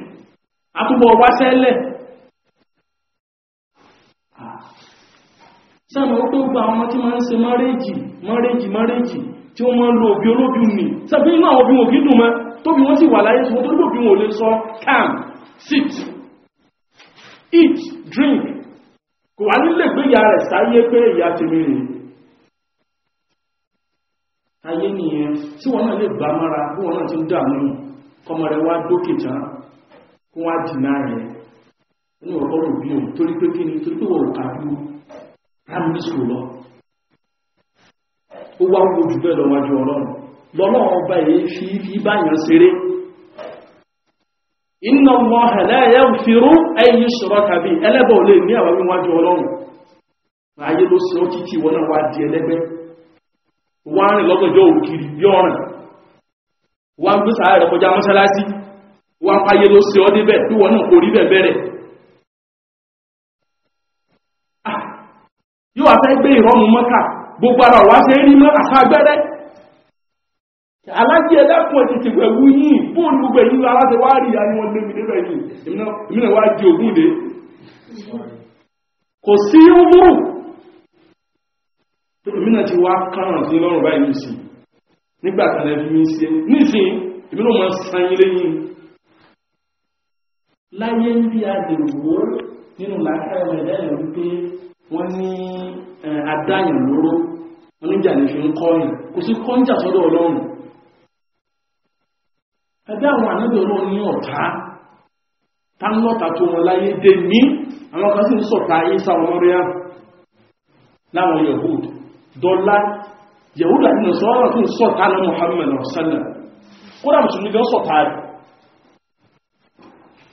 àtúbọ̀ wá sẹ́lẹ̀ sáàmù ó tó gba àwọn tí wọ́n ń ṣe mọ́rẹ́jì mọ́rẹ́jì mọ́rẹ́jì tí wọ́n máa ń lo òbí olóbi nì sàbí inú àwọn òbí wọn kì tóbi wọ́n sì wà láyé tí wọ́n tó lóbi wọn lè sọ calm sit eat drink kò wá nílé pé ìyá rẹ̀ sáyé pé ìyá tèmi rèé ayé nìyẹn tí wọ́n náà lè bá mára bí wọ́n náà ti ń dààmú kọmọ rẹ̀ wá dókè tán fún wá dìnnà yẹn inú ọ̀rọ̀ òbí òun torí pé kí ni torí pé wọ́n kà dúró lọ ó wá wo jù bẹ́ẹ̀ ọlọ́run ọba èyí fi fi báyàn ṣeré inna Allaha la yaghfiru an yushraka bihi ẹlẹ́bọ̀ ò lè ní àwọn wíwájú ọlọ́run ayé ló títí náà wá di ẹlẹ́gbẹ́ rìn òkiri gbé sàárẹ̀ kọjá wọ́n apáyé ló ṣe ọ́ débẹ̀ bí wọ́n náà kò rí bẹ̀ bẹ̀rẹ̀. Ah, yóò wá fẹ́ gbé ìrọ́mù mọ́kà gbogbo ara wá ṣe rí mọ́ àṣà agbẹ́rẹ́. alájí ẹlẹ́kùn ẹ̀ tètè pẹ̀lú yìí bóòlù gbẹ̀yìn aláṣẹ wá rí ìyá ni wọ́n lé mi débẹ̀ yìí èmi náà wá di ògùn dé. kò sí umuru èmi náà ti wá káràn sí lọ́rùn báyìí sí nígbà tí ẹ fi mí ṣe nísìnyí èmi náà máa san ilé yìí láyé ń bí a lè wò ó nínú làákàyè ẹ̀dá ẹ̀ wípé wọ́n ní adáyàn lóró wọ́n níjà ní fi ń kọ́ yìí kò sí kọ́ńjà sọ́dọ̀ ọlọ́run ẹgbẹ́ àwọn ànábì ọlọ́run ní ọ̀tá tánlọ́ta tó wọn láyé dé mí àwọn kan sì ń sọ̀tá isa ọmọríà láwọn yahud dọ́lá yahud àti nàṣọ́rọ̀ tó ń sọ̀tá ní muhammad ọ̀sánà kódà mùsùlùmí gan sọ̀tá rẹ̀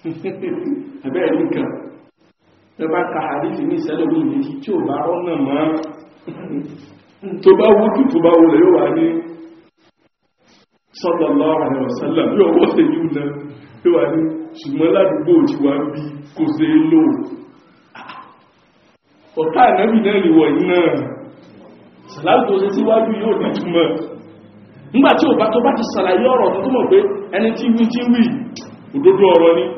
ẹ̀bẹ́ [LAUGHS] ẹ̀rí kan ẹbá ka àdífì ní ìsẹ́lẹ̀mí ìdí tí ò bá rọ́nà mọ́ [LAUGHS] tó bá wújú tó bá yóò wà ní sallallahu alaihi yóò ní bí [LAUGHS] ò bá tó bá ti sàlàyé ọ̀rọ̀ tó pé ẹni tí wí tí wí ọ̀rọ̀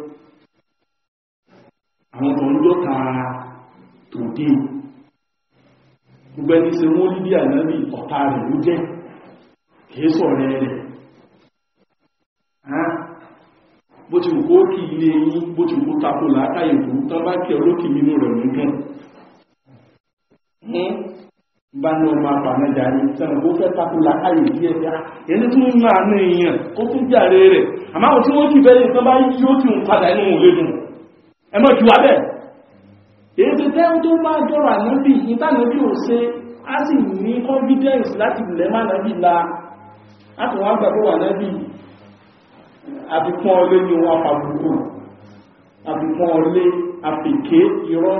àwọn tó ń jọ́ta tòde gbogbo ẹni ṣe wọ́n lílé ànábì ọ̀tá rẹ̀ ló jẹ́ kìí sọ̀rọ̀ rẹ̀ bó ti wù kó kí ilé yín bó ti wù kó tako tó bá kí olókì nínú rẹ̀ mú gan bá ní ọmọ kó fẹ́ tako ẹni ń èèyàn ó tún jàre rẹ̀ tí wọ́n kì bẹ́ẹ̀ bá yí ti ń padà ẹmọ́ jù wá bẹ́ẹ̀ èyí tó tẹ́ tó bá jọra níbi ìtànàbí ò ṣe á sì ní confidence láti lẹ́ má nàbí la látọ̀wọ́ àgbàgbọ́ wà nàbí àbìpọ́n ọlé ní wọn àpàbùkù àbìpọ́n ọlé àpèké irọ́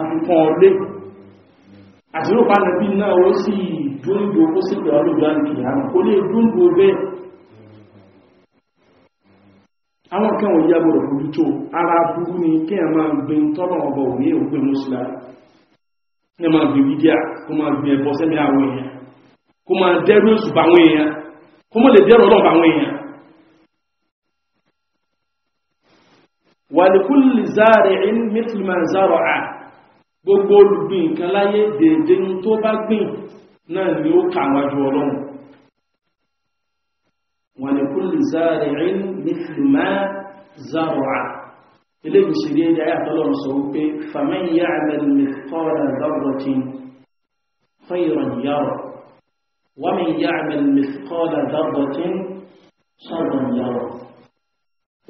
àbìpọ́n ọlé àtìrò bá nàbí náà ó sì dúndùn ó sì pẹ̀lú ìjọ àìkìyàn kó dúndùn bẹ́ẹ̀ àwọn ka wọ̀nyí agbọ́dọ̀ fojú tó ara burú na kí ẹ máa ntọrọ tọ́nà ọba òní òpin lóṣìlá ẹ máa gbin bídíà kó máa gbin ẹbọ sẹ́mi àwọn èèyàn kó máa dẹ́rù èṣù bá àwọn èèyàn kó mọ̀ lè dẹ́rù àwọn èèyàn gbogbo olùgbìn láyé dèédé tó bá gbìn náà ni ó kà wájú ولكل زارع مثل ما زرع إليه سيدي آية الله سوف فمن يعمل مثقال ذرة خيرا يرى ومن يعمل مثقال ذرة شرا يرى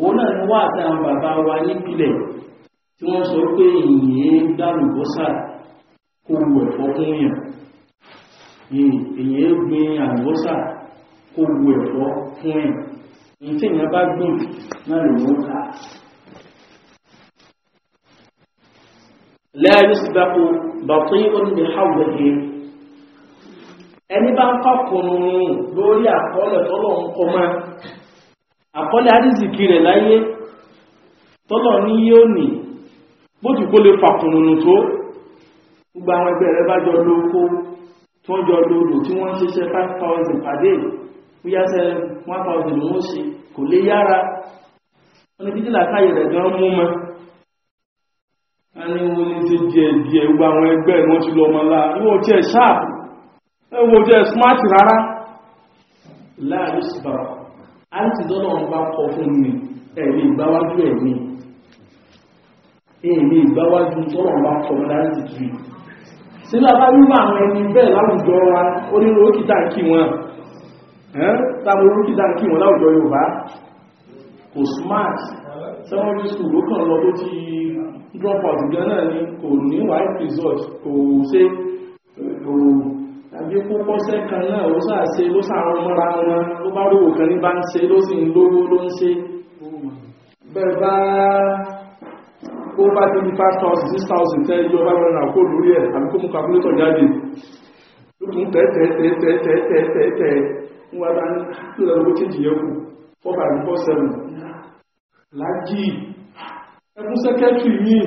ona ni wá àtàwọn bàbá wa nípìnlẹ̀ tí wọ́n sọ pé èyìn dárúgbọ́sà kò wù kó wu ẹ̀fọ́ fún ẹ̀yìn èyí tí èèyàn bá gbìn náà lè mú ká. lẹ́yìn síbáko bàtún yìí ó ní lè háwọ̀ ẹ̀ ẹni bá ń fàkùnrin lórí àkọọ́lẹ̀ tọ́lọ̀ ń kọ́ máa àkọọ́lẹ̀ àdìsíkì rẹ̀ láyé tọ́lọ̀ ní yóò nì bójú kó lè fàkùnrin tó gbogbo àwọn ẹgbẹ́ rẹ̀ bá jọ lóko tí wọ́n jọ lóòlù tí wọ́n ń ṣiṣẹ́ 5000 pàdé bóyá sẹ one thousand wọ́n ṣe kò lè yára wọ́n ni títí làákàyè rẹ̀ gan mú mọ́ ẹni wọ́n ni ti díẹ̀ díẹ̀ gbogbo àwọn ẹgbẹ́ wọn ti lọ mọ́lá ìwọ̀n tí ẹ̀ sharp ẹwọ́n tí ẹ̀ smart rárá àti dọ́nà wọn bá kọ fún mi ẹ̀mí ìgbáwájú ẹ̀mí ìgbáwájú wọn bá kọ àwọn ẹni bẹ́ẹ̀ láwùjọ wa onírúurú táwọn olókìtà kí wọn láwùjọ Yorùbá kò smart secondary school ló kàn lọ tó ti drop out gan náà ni kò ní white result kò ṣe kò tàbí kó kọ́sẹ́ kan náà ó sáà ṣe ló sáàrùn mọ́ra wọn ló bá rówò kan ní bá ń ṣe ló sì ń lówó ló ń ṣe bẹ́ẹ̀ bá ó bá ti ní 5,000 6,000 tẹ́ ìjọba rẹ̀ náà kó lórí ẹ̀ tàbí kó mú calculator jáde lókùn tẹ́tẹ́tẹ́tẹ́tẹ́tẹ́tẹ́ wọ́n bá ń lọ owó tí ìjìyẹ kù four by four seven lájì ẹkún sẹ́kẹ́tìrì míì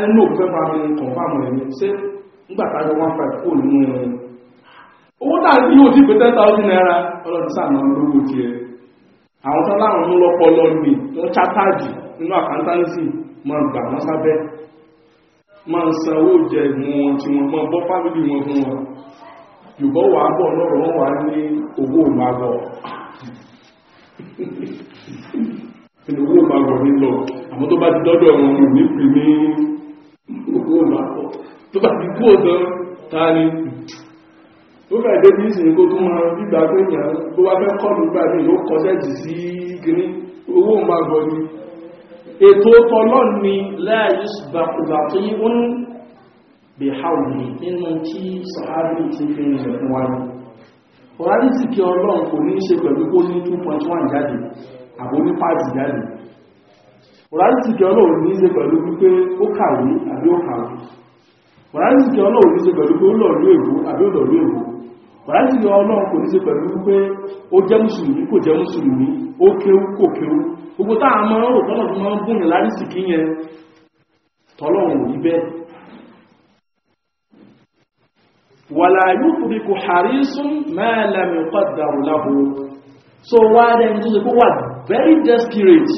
ẹnu òfẹ́ bá mi kọ̀ǹfàmù ẹ̀mí ṣé nígbàtà yọ one five kó nínú ẹ̀rọ owó tàbí yóò ti pé ten thousand naira ọlọ́dún sàmà lówó tiẹ̀ àwọn tó láwọn ń lọ́pọ̀ lọ́ọ̀mì tó chátájì nínú àkántánsì máa gbà wọ́n sábẹ́ máa ń san jẹ ìmú wọn tí wọ́n máa bọ́ fámìlì wọn fún wọn yùbọ́ wà ń bọ̀ lọ́rọ̀ wọ́n wà ní owó ìmàgọ̀ owó ìmàgọ̀ ní lọ àmọ́ tó bá ti dọ́dọ̀ wọn mú ní pè ní owó ìmàgọ̀ tó bá ti kú ọ̀dọ́ ta ni tó fẹ́ dé bí ìsìn kó tó máa gbígbà pé tó wá fẹ́ kọ́ ètò tọlọ́ ni ṣùgbàkùgbà tó yí wọ́n bèháwùlì nínú tí sàárì ti fi ń rẹ̀ fún wáyé ọ̀rárí sì kí ọlọ́run kò ní ṣe pẹ̀lú kó ní 2.1 jáde àbò ní pàtì jáde ọ̀rárí sì kí ọlọ́run ní ṣe pẹ̀lú wípé ó kàwé àbí ó kàwé ọ̀rárí sì kí ọlọ́run ní ṣe pẹ̀lú pé ó lọ̀lú èbó àbí ó lọ̀lú èbó ọ̀rárí sì kí ọlọ́run kò ní ṣe pẹ̀lú wípé ó jẹ́ wàlá yóò kú bí kò harisun mẹ́lẹ̀ mi kọ́dàrú láhù so wá dẹ́ tó ṣe wà very desperate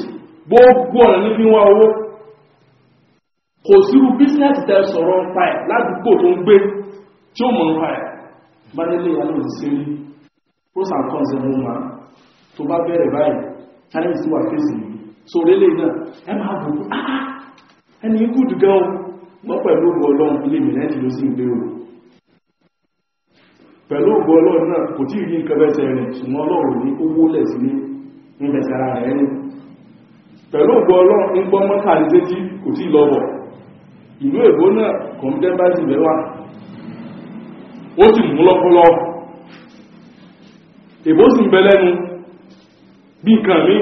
gbogbo ọ̀nà ní fi wá owó kò sírú business tẹ sọ̀rọ̀ pa ẹ̀ ládùúgbò tó ń gbé tí ó mọ̀ nípa ẹ̀ bá délé ìyàlọ́ ìsinmi pros and cons ẹ̀mú ma tó bá bẹ̀rẹ̀ báyìí challenge sí wà fèsì yìí so lélẹ̀ náà ẹ máa bù ah, ah, ẹni ikú dùgẹ́ o wọ́n pẹ̀lú ọlọ́run ilé ìmìlẹ́jì ló sì ń gbé o pẹ̀lú ògbò ọlọ́run náà kò tí ìrí nǹkan rẹ̀ tẹ̀rẹ̀ ṣùgbọ́n ọlọ́run ní owó lẹ̀ sí ní ìbẹ̀sára rẹ̀ pẹ̀lú ògbò ọlọ́run gbọ́ kò tí lọ́bọ̀ ìlú èbó náà kọ̀m̀dẹ́ bá jù ó sì mú sì ń bẹ lẹ́nu bí nǹkan mi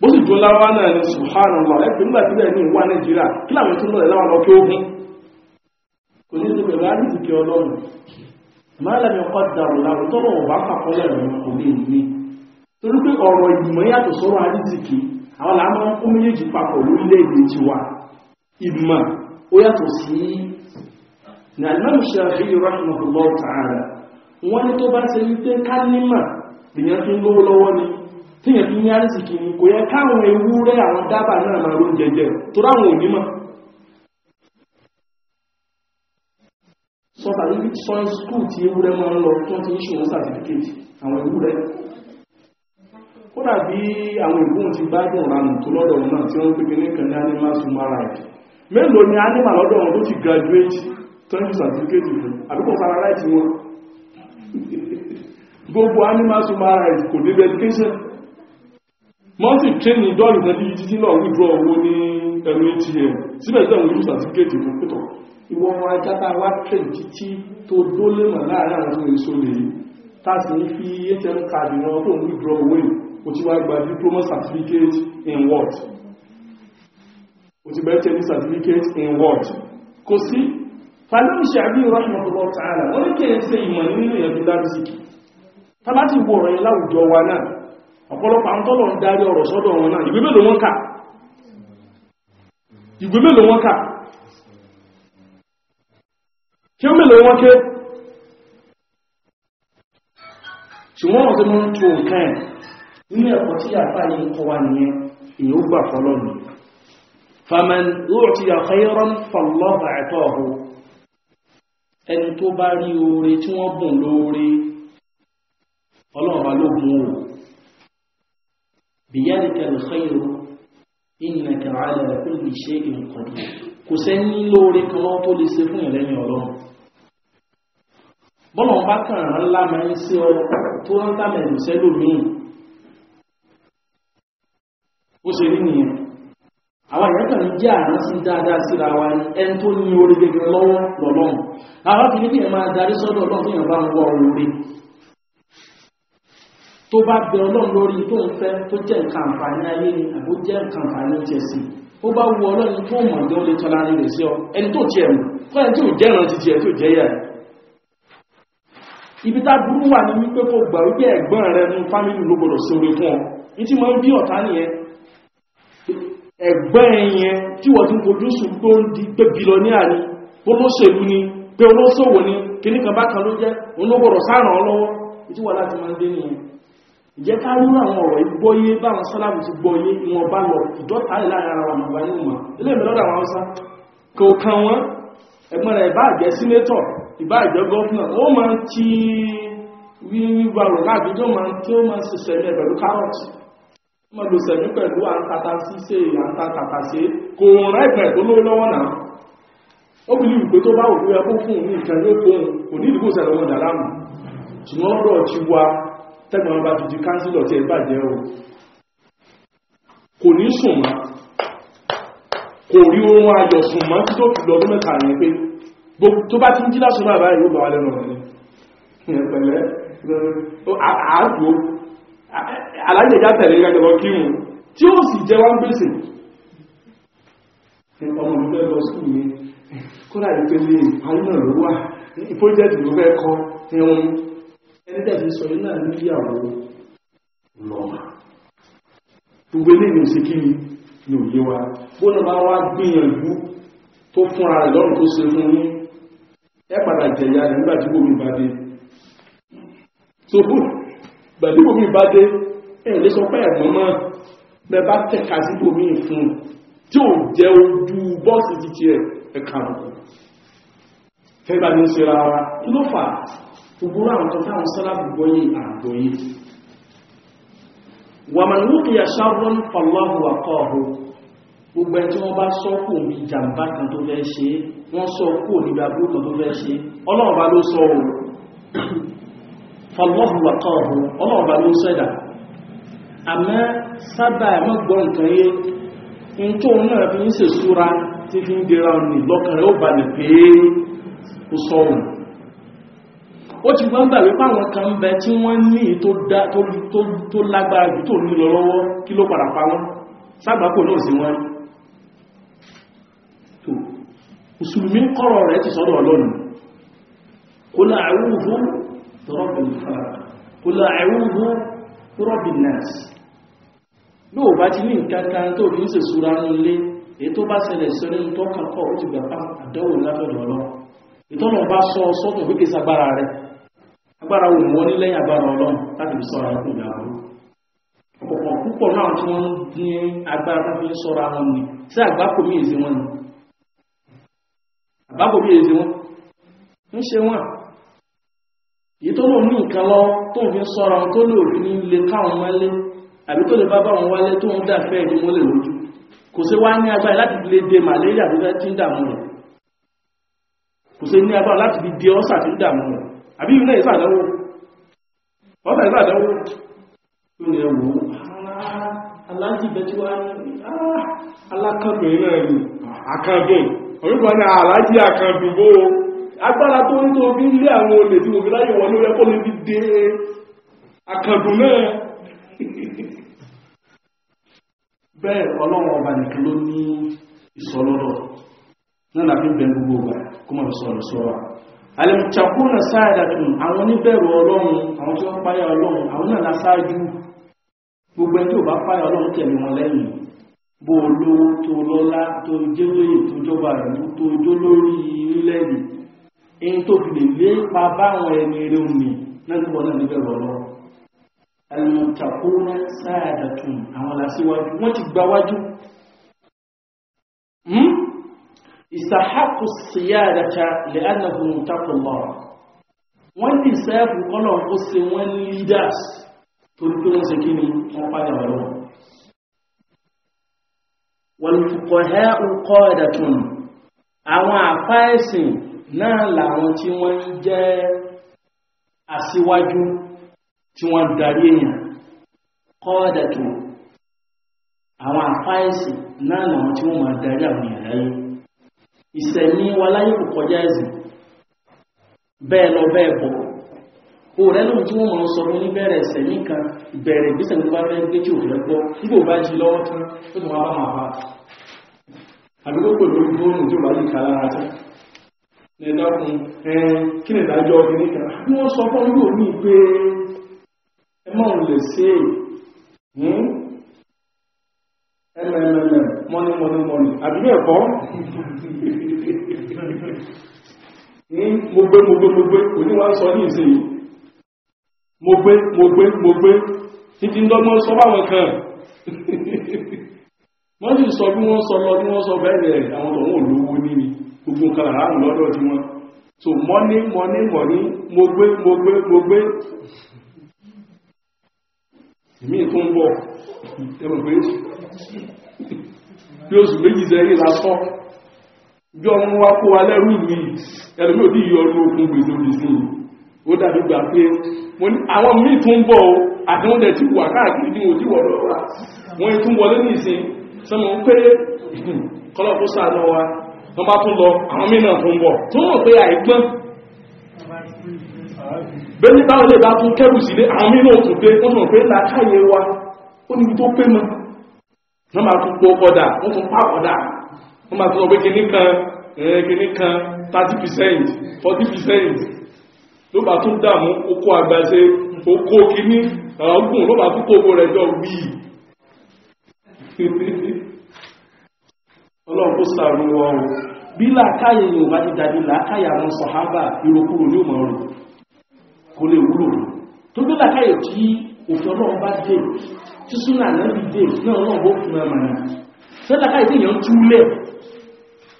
bó sì náà ni nígbà tí ní ìwà nàìjíríà kí máa lẹ́mi ọkọ̀ dàrú láwù tọ́lọ̀ ọ̀bá pàkọ́lẹ̀ rẹ̀ kò lè ní torí pé ọ̀rọ̀ ìmọ̀ yàtọ̀ sọ́rọ̀ àdìsìkì àwọn làmọ́ ó méjèèjì papọ̀ lórílẹ̀-èdè tiwa ìmọ̀ ó yàtọ̀ sí ní alimami Shafi'i rahimahullah ta'ala wọ́n ní tó bá ṣe wípé kálímà èèyàn fi ń lówó lọ́wọ́ ni ni kò sọ skúù tí ewúrẹ́ máa ń lọ tó ti ń ṣe wọn sàtìfíkèjì àwọn ewúrẹ́ ó dàbí àwọn ìgbóhùn ti gbádùn ránù tó lọ́dọ̀ náà tí wọ́n pèpè ní kan ní animal human rights mélòó ni animal lọ́dọ̀ wọn tó ti graduate tó ń ṣe sàtìfíkèjì fún àbíkò fara right wọn [LAUGHS] gbogbo animal human rights kò dé education multi training dọ́ọ̀lù náà títí náà withdraw owó ní ẹnu atm síbẹ̀ síbẹ̀ wọn yóò sàtìfíkèjì fún pẹ̀tọ̀ ìwọ ọmọ ajá tá a wá tẹ̀ títí tó dólé mọ̀ láàárín àwọn tó èso lè yìí táàsì ń fi atm card ìran tó ń withdraw owó yìí o ti wá gba diploma certificate in what o ti gba atm certificate in what kò sí fàlẹ́ ìṣàbí ìrọ́ṣùn ọ̀pọ̀lọpọ̀ tààrà wọ́n ní kí ẹ ṣe ìmọ̀ nínú ìyẹn tó dábí sí kìí tàbátì wọ ọ̀rọ̀ ìláwùjọ wa náà ọ̀pọ̀lọpọ̀ àwọn tọ́lọ̀ ń darí ọ̀rọ̀ sọ́dọ̀ wọn náà ìgbébèlò wọn kà kí ó mẹ́lẹ̀ wọ́n ké ṣùgbọ́n wọ́n tí mọ́ ń tó nǹkan ẹ̀ nínú ẹ̀kọ́ tí àpá yìí kọ́ wa nìyẹn èyí ó gbà fọ́lọ́nù faman u'tiya khayran fallahu a'tahu ẹni tó bá rí oore tí wọ́n bùn lóore ọlọ́ọ̀bá ló bùn ó biyadika al-khayru innaka ala kò sẹ́ni lóore kan tó lè ṣe fún ìrẹ́ni ọlọ́run bọ́nà ọba kàn án ńlá máa ń ṣe ọ tó ń tàbí ìrìnsẹ́ lómìn ó ṣe rí nìyẹn àwọn èèyàn kàn ń jẹ́ àrùn sí dáadáa síra wa ní ẹni tó ní orí gẹ́gẹ́ lọ́wọ́ lọ́lọ́run àwọn kìíní kìíní máa darí sọ́dọ̀ ọlọ́run tó yàn bá ń wọ orí tó bá bẹ ọlọ́run lórí tó ń fẹ́ tó jẹ́ nǹkan àǹfààní ayé ni àbó jẹ́ nǹkan àǹfààní jẹ sí ó bá wu ọlọ́run tó mọ̀ ní ó lè tọ́lá rẹ̀ sí ọ ẹni tó tiẹ̀ mọ̀ fún ẹni tó jẹ́ ìrántí tiẹ̀ tó jẹ́ yà ibi tá burú wà ní wípé kò gbà wípé ẹ̀gbọ́n rẹ̀ mú fámílì ló gbọdọ̀ sí orí fún ọ ní tí mọ́ ń bí ọ̀tá nìyẹn ẹ̀gbọ́n ẹ̀yẹn tí wọ́n ti ń fojú sùn tó ń di pé bilọ́níà ni pé olóṣèlú ni pé olóṣòwò ni kíní kan bákan ló jẹ́ òun ló gbọdọ̀ sáàràn ọ lọ́wọ́ ní tí wọ́n láti máa ń dé nìyẹn bá kan wọn ẹ̀gbọ́n rẹ̀ bá jẹ́ ìbá ìjọ gọ́fúnà ó máa ti wíwíwá rò láti tó máa tí ó máa ṣiṣẹ́ ní ẹ̀bẹ̀rù kárọ̀tì ó máa lò sẹ̀mí pẹ̀lú àǹtata ṣíṣe àǹtatàtà ṣe kò rán ẹ̀bẹ̀ tó lówó lọ́wọ́ náà ó fi lè pé tó bá òkú ẹkú fún kò ní ìdíkò sẹ̀rọ̀ wọn dàrá ṣùgbọ́n lọ́dọ̀ ti wa tẹ́gbọ̀n bá ti di káńsílọ̀ o kò ní sùn mọ́ kò rí oorun ayọ̀ sùn mọ́ tó fi tó bá ti ń jí lásùn máa báyìí yóò bá wà lẹ́nu ọ̀rọ̀ ní ẹ̀pẹ̀lẹ́ àádùó alájẹjá tẹ̀lé ìrẹ́jọba kírùn tí ó sì jẹ wá ń gbèsè ọmọ ìlú lọ sí ìwé kódà ìpele àyínà ló wà ìpójẹ́tì ló fẹ́ kọ́ ẹun ẹni tẹ̀sí sọ iná níyàwó lọ́wà gbogbo ilé ìrìn sí kí ni òye wa bó lọ bá wá gbìyànjú tó fúnra rẹ̀ lọ́rùn tó ṣe fún yín ẹ padà jẹ̀yà rẹ̀ nígbà tí gómìn bá dé so fún gbà tí gómìn bá dé ẹ lè sọ pé ẹ̀gbọ́n mọ́ bẹ bá tẹ̀ka sí gómìn fún tí ò jẹ́ ojú bọ́ọ̀sì ti tiẹ̀ ẹ̀ka rẹ̀ fẹ́gbà ní ṣe rárá kí ló fà gbogbo àwọn tó táwọn sọ́lá gbogbo yìí àgbò yìí wàmàlúkìyà ṣáwọn fọlọ́hùwà kọ́ọ̀hùn gbogbo ẹni tí wọ́n bá sọ kò ní jàǹbá kan tó fẹ́ ṣe wọ́n sọ kò ní gbàgbó kan tó fẹ́ ṣe ọlọ́ọ̀bá ló sọ o fọlọ́ọ̀bù wà kọ́ ọ̀hún ọlọ́ọ̀bá ló sẹ́dà àmọ́ sábà ẹ̀mọ́ gbọ́ nǹkan yé n tó náà fi ń ṣe súra tí fi ń dira ní lọ́kàn yóò balẹ̀ pé ó sọ òun ó ti wọ́n gbà wípé àwọn kan bẹ tí wọ́n ní tó lágbára jù tó ní lọ sí wọ́n musulmi kọ́rọ̀ rẹ̀ ti sọ́dọ̀ ọlọ́nu qul a'udhu bi rabbil falaq qul a'udhu bi rabbin nas lóò bá ti ní nǹkankan tó fi ń ṣe súra ní ilé èyí tó bá ṣẹlẹ̀ sọ nínú tó kàkọ́ ó ti gbàgbá àdánwò látọ̀dọ̀ ọlọ́ ìtọ́nà bá sọ sọ́tọ̀ pé kí sagbára rẹ̀ sí àgbákò mí bábò bí èsì wọn ń ṣe wọn èyí tó lò ní nǹkan lọ tó ń fi sọ́ra tó lò rí ní ilé káwọn wálé àbí tó lè bá bá wọn wálé tó ń dà fẹ́ ìdí mọ́lẹ̀ lójú kò sí wá ní agbára láti lè dè màlẹ́rì àbí fẹ́ tí ń dààmú rẹ̀ kò sí ní agbára láti fi dè ọ́sà tí ń dààmú rẹ̀ àbí ìlú náà ìsàdánwò ọ́sà ìsàdánwò yóò ní ẹwù aláǹtì bẹ́tí wá ní ah, alákọ̀ọ́bẹ̀rẹ̀ náà yìí àkàbẹ̀rẹ̀ òyìnbọn ni àlájì àkàndùgbò agbára tó ń tó bí lé àwọn olè tí òfin láyé wọlé rẹ kó lè fi dé àkàndù náà bẹ́ẹ̀ ọlọ́run ọba nìkan ló ní ìsọlọ́dọ̀ náà láti bẹ gbogbo ọgbà kó sọ̀rọ̀ àwọn oníbẹ̀rù ọlọ́run àwọn páyà ọlọ́run àwọn náà lásáájú gbogbo ẹni bá páyà ọlọ́run tẹ̀lé wọn lẹ́yìn bó olówó tó lọ́lá tó jẹ́lóyè tó jọba ìlú tó jó lórí orílẹ̀-èdè ẹni tó fi lè lépa báwọn ẹni eré òní lẹ́gbọ̀n náà níbẹ̀ lọ́lọ́ ẹlùmọ̀tàkùnrin sáàdàtún àwọn làṣíwájú wọ́n ti gbáwájú ìsàhákù síyáàdàta lè ánàbùn tàkùnlọ́ wọ́n ní sẹ́ẹ̀bù kọ́nà ó se wọ́n ní leaders torí pé wọ́n ṣe kí ni wọ́n pàdé ọ̀rọ̀ wọlùfùkọ̀hẹ́ ǹkọ́ọ̀dẹ̀tùn àwọn àfá ẹ̀sìn náà làwọn tí wọ́n jẹ́ aṣíwájú tí wọ́n darí èèyàn kọ́ọ̀dẹ̀tùn àwọn àfá náà làwọn tí wọ́n darí àwọn èèyàn òrẹ́ lóhun tí wọ́n mọ̀ sọ ló ní bẹ̀rẹ̀ ẹ̀sẹ̀ ní kan bẹ̀rẹ̀ ìgbésẹ̀ tó bá fẹ́ gbé tí ò fẹ́ gbọ́ nígbò bá jí lọ́wọ́ tán tó tó wá bá máa bá àdúgbò pè lórí fóònù tí ó bá lè ka lára tán lẹ́dọ́kun ẹn kí ni ìdájọ́ ọdún ní kan bí wọ́n sọ fún ìlú òní money money money àbí bẹ́ẹ̀ kọ́ mo gbé mo gbé mo gbé òní wá ń sọ mo gbé mo gbé mo gbé títí ń dọ́gbọ́n sọ báwọn kan [LAUGHS] wọ́n sì sọ bí wọ́n sọ lọ bí wọ́n sọ bẹ́ẹ̀ rẹ̀ àwọn tó wọ́n lówó níbi gbogbo nǹkan àrùn lọ́dọ̀ tí wọ́n so mọ́ní mọ́ní mọ́ní mo gbé mo gbé mo gbé ìmí tó ń bọ̀ ẹmọ̀ pé bí oṣù méjì sẹ́yìn lásọ́ bí ọmọ wa kó wa lẹ́rù mi ẹlòmí ò dí ìyọrù ogun gbèsè òdìsí ó dàbí gbà pé àwọn míì tún bọ̀ o àti wọ́n dẹ̀ ti wà káàkiri bí wọ́n ti wọ̀ lọ́wọ́ wọ́n tún wọlé ní ìsìn sọmọ pé kọlọ́pù sáànà wa wọ́n bá tún lọ àwọn mìíràn tún bọ̀ tó wọ́n pé àìgbọ́n bẹ́ni báwọn lè bá tún kẹ́rù sílé àwọn mìíràn tún pé wọ́n tún pé lákáyé wa ó níbi tó pé mọ́ wọ́n máa tún pọ̀ kọ́dà wọ́n tún pà kọ́dà wọ́n máa tún lọ pé kìnnìkan kìnnìkan 30% 40% ló bá tún dàmú okó agbáṣe okó kíní ọgbùn ló bá tún kókó rẹ̀ jọ wíì [LAUGHS] ọlọ́run kó sàrù ọrùn bí làákàyè ni ò bá ti dàbí làákàyè àwọn sọ̀hábà ìrokúrò ní òmò ọrùn kò lè wúlò tó gbé làákàyè tí òfin ọlọ́run bá dé tí súnà náà bí dé náà ọlọ́run bó fún ẹ mànà sẹ́làkàyè tí èèyàn túlẹ̀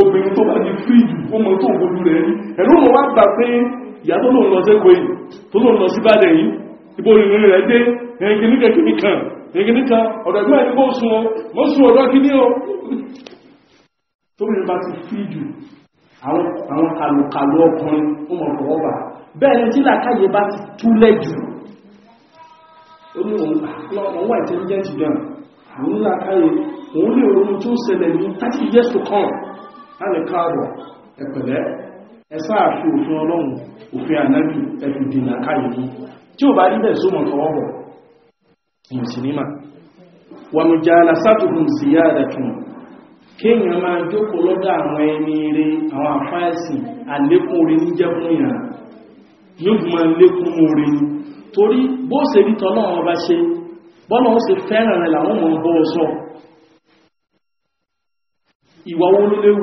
obìnrin tó bá di fíìdù ó mọ̀ tó gbogbo rẹ̀ ní ẹ̀rọ mọ̀ wá gbà pé ìyá tó lóun lọ sẹ́kọ̀ọ́ yìí tó lóun lọ sí bàdẹ̀ yìí ibo ìrìn rẹ̀ dé ẹ̀yìn níkẹ̀ kìíní kan ẹ̀yìn níkan ọ̀dọ̀ ẹgbẹ́ ẹni kó sun ọ mọ́ sun ọ̀dọ̀ kí ní ọ tó bìnrin bá ti fíìdù àwọn kàlùkàlù ọkùnrin ó mọ̀ fọwọ́ bà bẹ́ẹ̀ ni tí làkàyè bá ti túlẹ̀ jù ó ní òun ah, wà intelligent gan òun làkàyè òun lè ronú tó ṣẹlẹ̀ ní 30 years to come a lè káàbọ̀ ẹ̀pẹ̀lẹ́ ẹ sáà fi òfin ọlọ́run òfin ànábì ẹ̀fì dènà káyìí ní tí ò bá rí bẹ́ẹ̀ sómọ̀ fọwọ́bọ̀ ìyìn sinima wàmùjàlá sátùkùn sí yáàdàtùn kéèyàn máa jókòó lọ́dọ̀ àwọn ẹni eré àwọn àfáàsì àlékún orin ní jẹ́kún ìyàn yóò máa lékún orin torí bó ṣe rí tọ́nà ọba ṣe bọ́nà ó ṣe fẹ́ràn rẹ̀ làwọn ọmọ bọ́ sọ ìwà wo ló léwu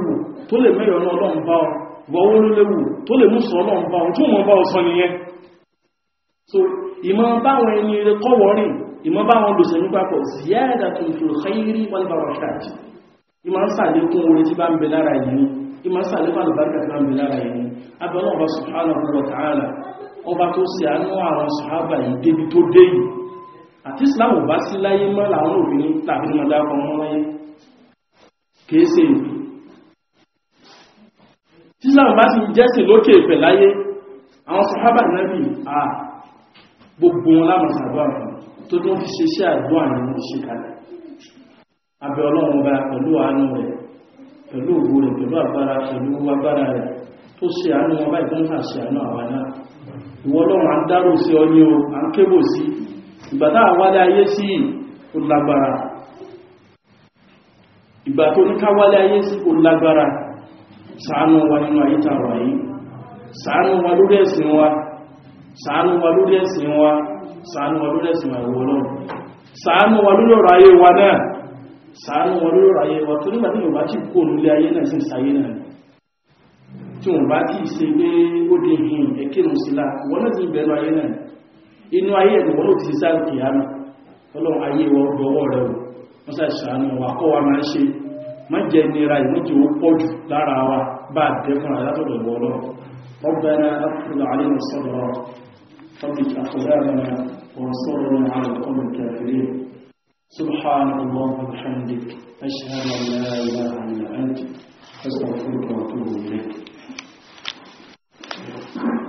tó lè mẹ́yọ̀ ọlọ́run bá ọ gbọ́wó ló léwu tó lè múṣọ ọlọ́run bá ọ tó mọ̀ bá ọ sọ nìyẹn so ìmọ̀ báwọn ẹni rẹ kọ́wọ́ rìn ìmọ̀ báwọn lòsẹ̀ nípa pọ̀ ziyada tó fi khayri wal barakat ìmọ̀ ń sàlékún orí tí bá ń bẹ lára yìí ìmọ̀ ń sàlékún àlùbáríkà tí bá ń bẹ lára yìí abẹ́lọ́ ọba subhanahu wa ta'ala ọba tó ṣe àánú àwọn sàhábà yìí débi tó dé yìí àti islam ò bá sí láyé mọ́ làwọn òbí tàbí mọ́dá ọmọ wáyé kìí ṣe ìlú tíláwọ̀ bá ti jẹ́sìn lókè ìfẹ̀ láyé àwọn sàhábà náàbì à gbogbo wọn láwọn sàbá tó tó fi ṣe iṣẹ́ àdó àwọn ìṣe kalẹ̀ abẹ́ ọlọ́run bá pẹ̀lú àánú rẹ̀ pẹ̀lú òwò rẹ̀ pẹ̀lú agbára pẹ̀lú agbára rẹ̀ tó ṣe àánú wọn báyìí tó ń ṣe àánú àwọn náà ìwọ ọlọ́run à ń dárò sí ọ ní o à ń kébò sí ìgbà táà wálé ayé sí ó lágbára ìgbà tó ní ká wálé ayé sí ó lágbára ṣàánú wa nínú àyíká wà yìí ṣàánú wa lórí ẹ̀sìn wa ṣàánú wa lórí ẹ̀sìn wa ṣàánú wa lórí ẹ̀sìn àìwọ̀ ọlọ́run ṣàánú wa lórí ọ̀rọ̀ ayé wa náà ṣàánú wa lórí ọ̀rọ̀ ayé wa tó nígbà tí bá ti kó ayé náà sí ìsáyé náà tí wọ́n bá ti ṣe pé ó dé hìn sílá wọ́n náà ti bẹ̀rù ayé náà inú ayé ti ọlọ́run ayé gbọ́wọ́ rẹ̀ wọ́n kọ́ wa máa mọ́jẹ nira ìmọ́jẹ ó pọ̀ jù lára wa bá dẹ́kùn àyátọ̀dọ̀ bọ̀ọ̀lọ́ ربنا أفضل علينا الصبر ثبت أقدامنا وانصرنا على القوم الكافرين سبحانك اللهم وبحمدك أشهد أن لا إله إلا أنت أستغفرك وأتوب إليك